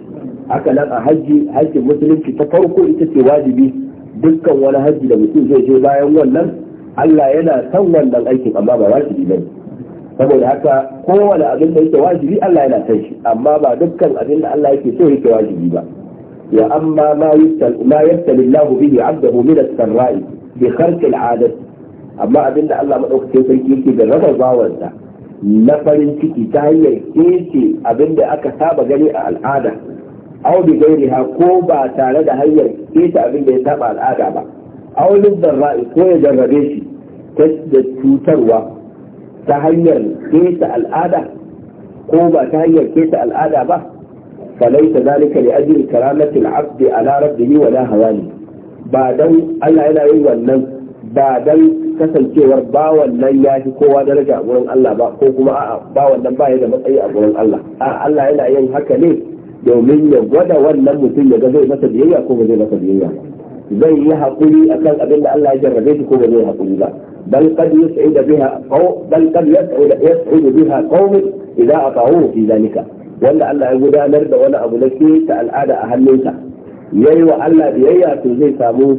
haka nan a haji haji musulunci ta farko ita ce wajibi dukkan wani haji da mutum zai je bayan wannan Allah yana son wannan aikin amma ba wajibi bane saboda haka kowane abin da yake wajibi Allah yana son shi amma ba dukkan abin da Allah yake so yake wajibi ba ya amma ma yattal ma yattali Allah bihi 'abdahu min as-sarra'i bi kharq al-'adat amma abin da Allah madaukakin sarki yake da raba bawansa na farin ciki ta hanyar keke abin da aka saba gani a al'ada au bi gairiha ko ba tare da hanyar keta abin da ya saba al'ada ba aulin zarra'i ko ya jarrabe shi da cutarwa ta hanyar kesa al'ada ko ba ta hanyar kesa al'ada ba falaita zalika li ajli karamati al-abd ala rabbihi wa la hawani ba dan Allah yana yin wannan ba dan kasancewar ba wannan ya fi kowa daraja a gurin Allah ba ko kuma a'a ba wannan ba ya da matsayi a gurin Allah a Allah yana yin haka ne domin ya gwada wannan mutum ya ga zai masa biyayya ko ba zai masa biyayya ba zai yi haƙuri akan abin da Allah ya jarrabe shi ko ba zai haƙuri ba bal qad yus'id biha qaw bal qad yus'id yus'id biha qawm idza ata'uhu fi zalika wanda Allah ya gudanar da wani abu na ta al'ada a hannunsa yayi wa Allah biyayya to zai samu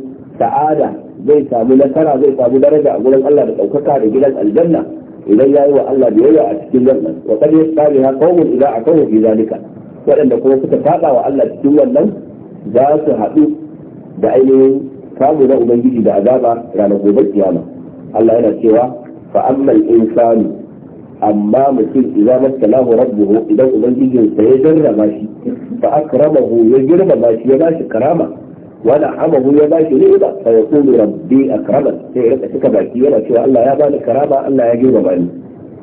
sa'ada zai samu nasara zai samu daraja a gurin Allah da ɗaukaka da gidan aljanna idan ya yi wa Allah biyayya a cikin wannan wa qad yasbiha qawmun idza ata'uhu fi zalika waɗanda kuma suka saba wa Allah cikin wannan za su haɗu da ainihin kamu na ubangiji da azaba ranar gobe kiyama Allah yana cewa fa ammal insanu amma mutum idan masalahu rabbuhu idan ubangijin sa ya jarraba shi fa akramahu ya girmama shi ya bashi karama wa amahu ya bashi ni'ima fa yaqulu rabbi akraman sai ya tsaka baki yana cewa Allah ya bani karama Allah ya girmama ni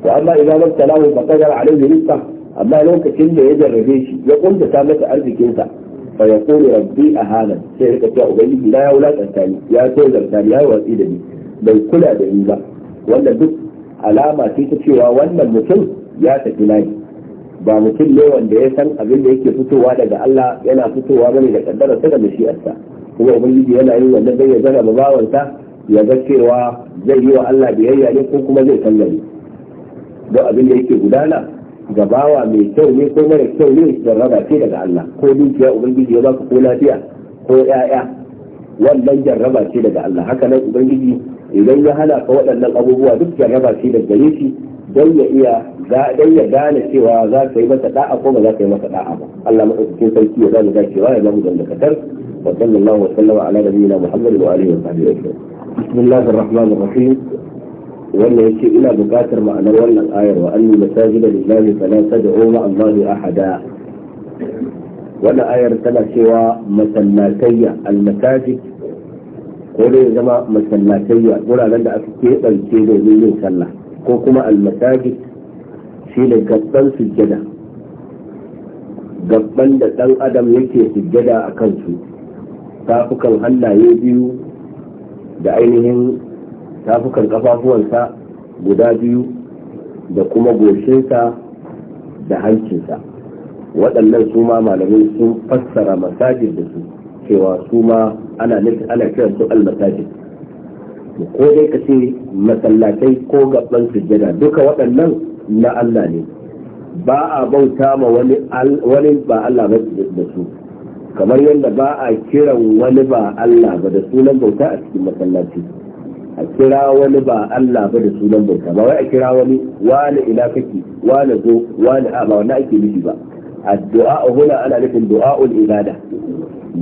wa amma idan masalahu fa qadara alaihi rizqa amma lokacin da ya jarrabe shi ya kunta masa arzikin sa fa yaqulu rabbi ahana sai ya rika cewa ubangiji da ya wulakanta ni ya tozarta ni ya watsi da ni bai kula da ni ba wanda duk alama ce ta cewa wannan mutum ya tafi layi ba mutum ne wanda ya san abin da yake fitowa daga Allah yana fitowa ne da kaddara ta da mashi'arsa kuma ubangiji yana yin wannan zai ya zana babawansa ya ga cewa zai yi wa Allah biyayya ne ko kuma zai sallame don abin da yake gudana gabawa mai kyau ne ko mara kyau ne jarraba ce daga Allah ko dukiya ubangiji ya baka ko lafiya ko ƴaƴa wannan jarraba ce daga Allah haka nan ubangiji idan ya hana ka waɗannan abubuwa duk jarraba ce daga gare shi don ya iya don ya gane cewa za ka yi masa da'a ko ba za ka yi masa da'a ba Allah madaukakin sarki ya zama dacewa ya zama da dangantakar wa sallallahu wa sallama ala nabiyyina Muhammad wa alihi wa sahbihi bsm الله الرحمن الرحيم wannan ce ina bukatar ma'anar wannan ayar wa annu masajida lillahi fala tad'u ma allahi ahada wannan ayar tana cewa masallatayya almasajid ko dai zama masallatayya wuraren da aka keɓance domin yin sallah ko kuma almasajid shi ne gaban sujjada gaban da ɗan adam yake sujjada a kansu tafukan hannaye biyu da ainihin tafukan ƙafafuwansa guda biyu da kuma goshinsa da hancinsa waɗannan su ma malamai sun fassara masajin da su cewa su ma ana ana kiran su al ko dai ka ce masallatai ko gaban sujjada duka waɗannan na Allah ne ba a bauta ma wani wani ba Allah ba da su kamar yadda ba a kiran wani ba Allah ba da sunan bauta a cikin masallaci a kira wani ba Allah ba da sunan bauta ba wai a kira wani wani ila kake wani zo wani a ba wani ake nufi ba addu'a huna ana nufin du'a'ul ibada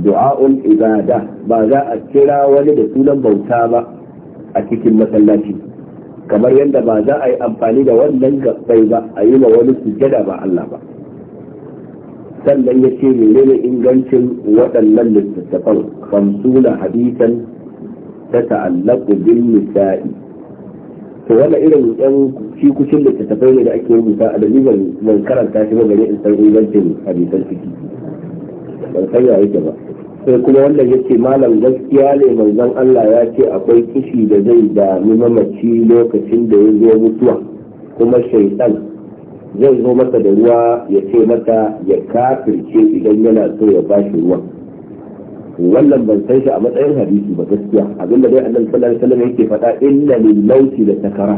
du'a'ul ibada ba za a kira wani da sunan bauta ba a cikin masallaci kamar yadda ba za a yi amfani da wannan gabbai ba a yi ma wani sujada ba Allah ba sannan ya ce menene ingancin waɗannan littattafan kamsuna hadisan ta ta'allaku bin nisa'i to wala irin yan cikucin littattafai ne da ake rubuta a dalilin ban karanta shi ba gare in san ingancin hadisan ciki ban san ya yake ba sai kuma ya yace malam gaskiya ne manzon Allah ya ce akwai kishi da zai dami mamaci lokacin da ya zo mutuwa kuma shaitan zai zo masa da ruwa ya ce mata ya kafirce idan yana so ya bashi ruwan wannan ban san shi a matsayin hadisi ba gaskiya abinda dai annabi sallallahu alaihi wasallam yake faɗa illa lil maut la takara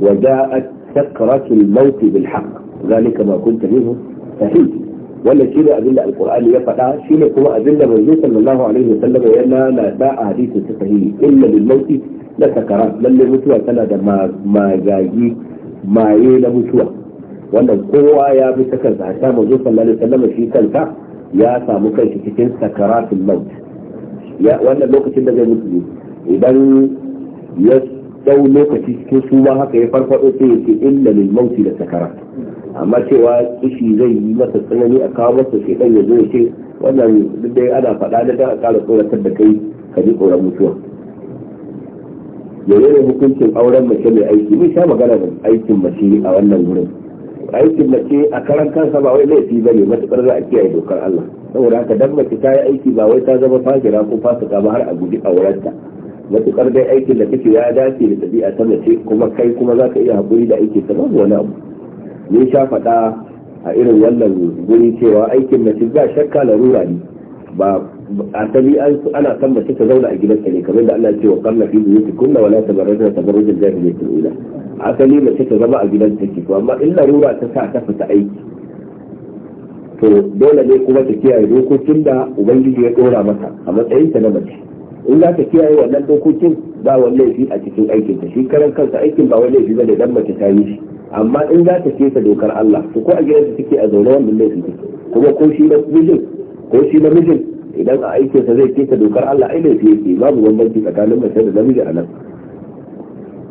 wa ja'at sakratu al maut bil haqq zalika ma kunta minhu sahih wala kida abinda alqur'ani ya faɗa shine kuma abinda manzo sallallahu alaihi wasallam ya nana da hadisi ta sahih illa lil maut la takara lalle mutuwa tana da magagi maye na mutuwa wannan kowa ya bi takarda ta manzo sallallahu alaihi wasallam shi kanta ya samu kai cikin sakaratul maut ya wannan lokacin da zai mutu idan ya dau lokaci cikin suma haka ya farfado sai yake illa lil mauti da sakara amma cewa kishi zai yi masa tsanani a kawo masa shi ya zo shi wannan duk dai ana faɗa da ka a ƙara tsoratar da kai ka ji tsoron mutuwa yare hukuncin auren mace mai aiki mun sha magana da aikin mace a wannan gurin aikin mace a karan kansa ba wai laifi ba ne matuƙar za a kiyaye dokar Allah saboda haka dan mace ta yi aiki ba wai ta zama fajira ko fasika ba har a guji aurenta matuƙar dai aikin da kake ya dace da tabi'a ta mace kuma kai kuma za ka iya haƙuri da aiki ta babu wani abu ne sha faɗa a irin wannan guri cewa aikin mace ba shakka larura ne ba a tabi ana san mace ta zauna a gidanta ne kamar da Allah ce wa qarna fi buyutikum wa la tabarrajna tabarruj al-jahiliyyah al-ula asali mace ta zama a gidanta ke to amma in larura ta sa ta fita aiki to dole ne kuma ta kiyaye dokokin da ubangiji ya dora mata a matsayin ta na mace in za ta kiyaye wannan dokokin ba wani laifi a cikin aikin ta shi karan kansa aikin ba wani laifi bane dan mace ta yi shi amma in za ta kesa dokar Allah to ko a gidanta take a zaune wannan laifi take kuma ko shi na mijin ko shi na mijin idan a aikinsa zai keta dokar Allah ai laifi yake babu bambanci tsakanin mace da namiji a nan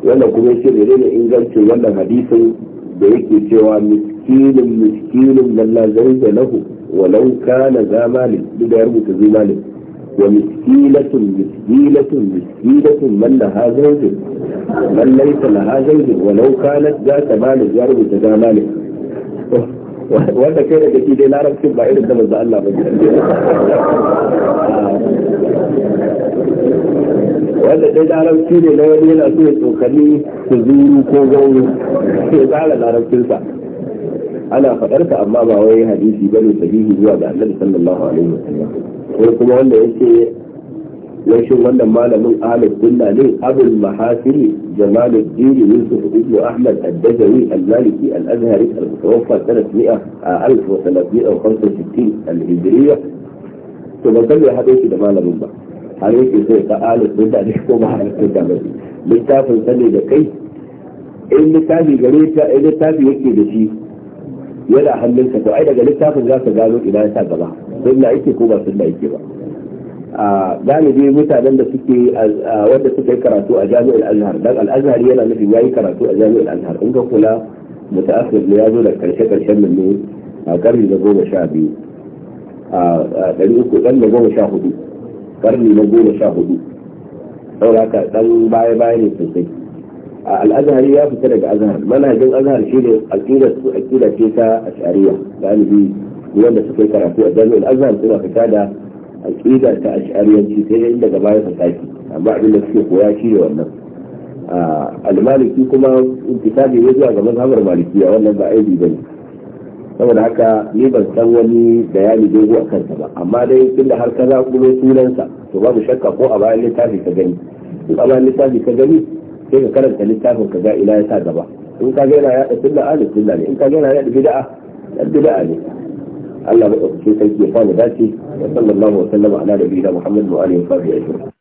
wannan kuma yake da ne ingancin wannan hadisin da yake cewa miskinin miskinin lalla zarja lahu walau kana zamalin duk da ya rubuta zamalin wa miskilatun miskilatun miskilatun man la zarjin man laisa la zarjin walau kana za ta malin ya rubuta zamalin wanda kai da shi dai larabcin ba irin da ba manzo Allah ba wanda dai larabci ne na wani yana so ya tsokani ku zuru ko gauru Sai tsara larabcinsa ana faɗarsa amma ba wai hadisi bane sahihi zuwa ga Annabi sallallahu alaihi wasallam ko kuma wanda yake wai shin wannan malamin ahlus sunna ne abul mahasiri jamaluddin yusuf ibn ahmad ad-dajawi al-maliki al-azhari al-mutawaffa sanat 1365 al-hijriya to ban san me haɗe shi da malamin ba har yake sai ka ahlus sunna ne ko ba ahlus sunna ba littafin sani da kai in littafi gare ta in littafi yake da shi yana hannunka to ai daga littafin za ka gano ina ya sa gaba sunna yake ko ba sunna yake ba galibi mutanen da suke wanda suka yi karatu a jami'ar azhar dan al-azhar yana nufi ya yi karatu a jami'ar azhar in ka kula mutaakhir ne ya zo da karshe karshen nan ne a karni na goma sha biyu a ɗari uku ɗan da goma sha hudu karni na goma sha hudu saboda haka ɗan baya baya ne sosai al'azhari ya fita daga azhar manhajin azhar shi ne aqidar su aqida ce ta ash'ariya galibi wanda suka yi karatu a jami'ar azhar suna fita da aqida ta ash'ariyanci sai dai daga baya ka tafi amma abin da suke koya shi ne wannan al-maliki kuma intisabi ne zuwa ga mazhabar a wannan ba a yi bane saboda haka ni ban san wani bayani dogo a kansa ba amma dai tunda har ka zakulo sunansa to babu shakka ko a bayan littafi ka gani in a bayan littafi ka gani sai ka karanta littafin ka ga ila ya sa gaba in ka ga yana yada sunna ahli sunna ne in ka ga yana yada bid'a bid'a ne Allah madaukakin sarki ya fara dace wa sallallahu wa sallama ala da Muhammad wa alihi wa sahbihi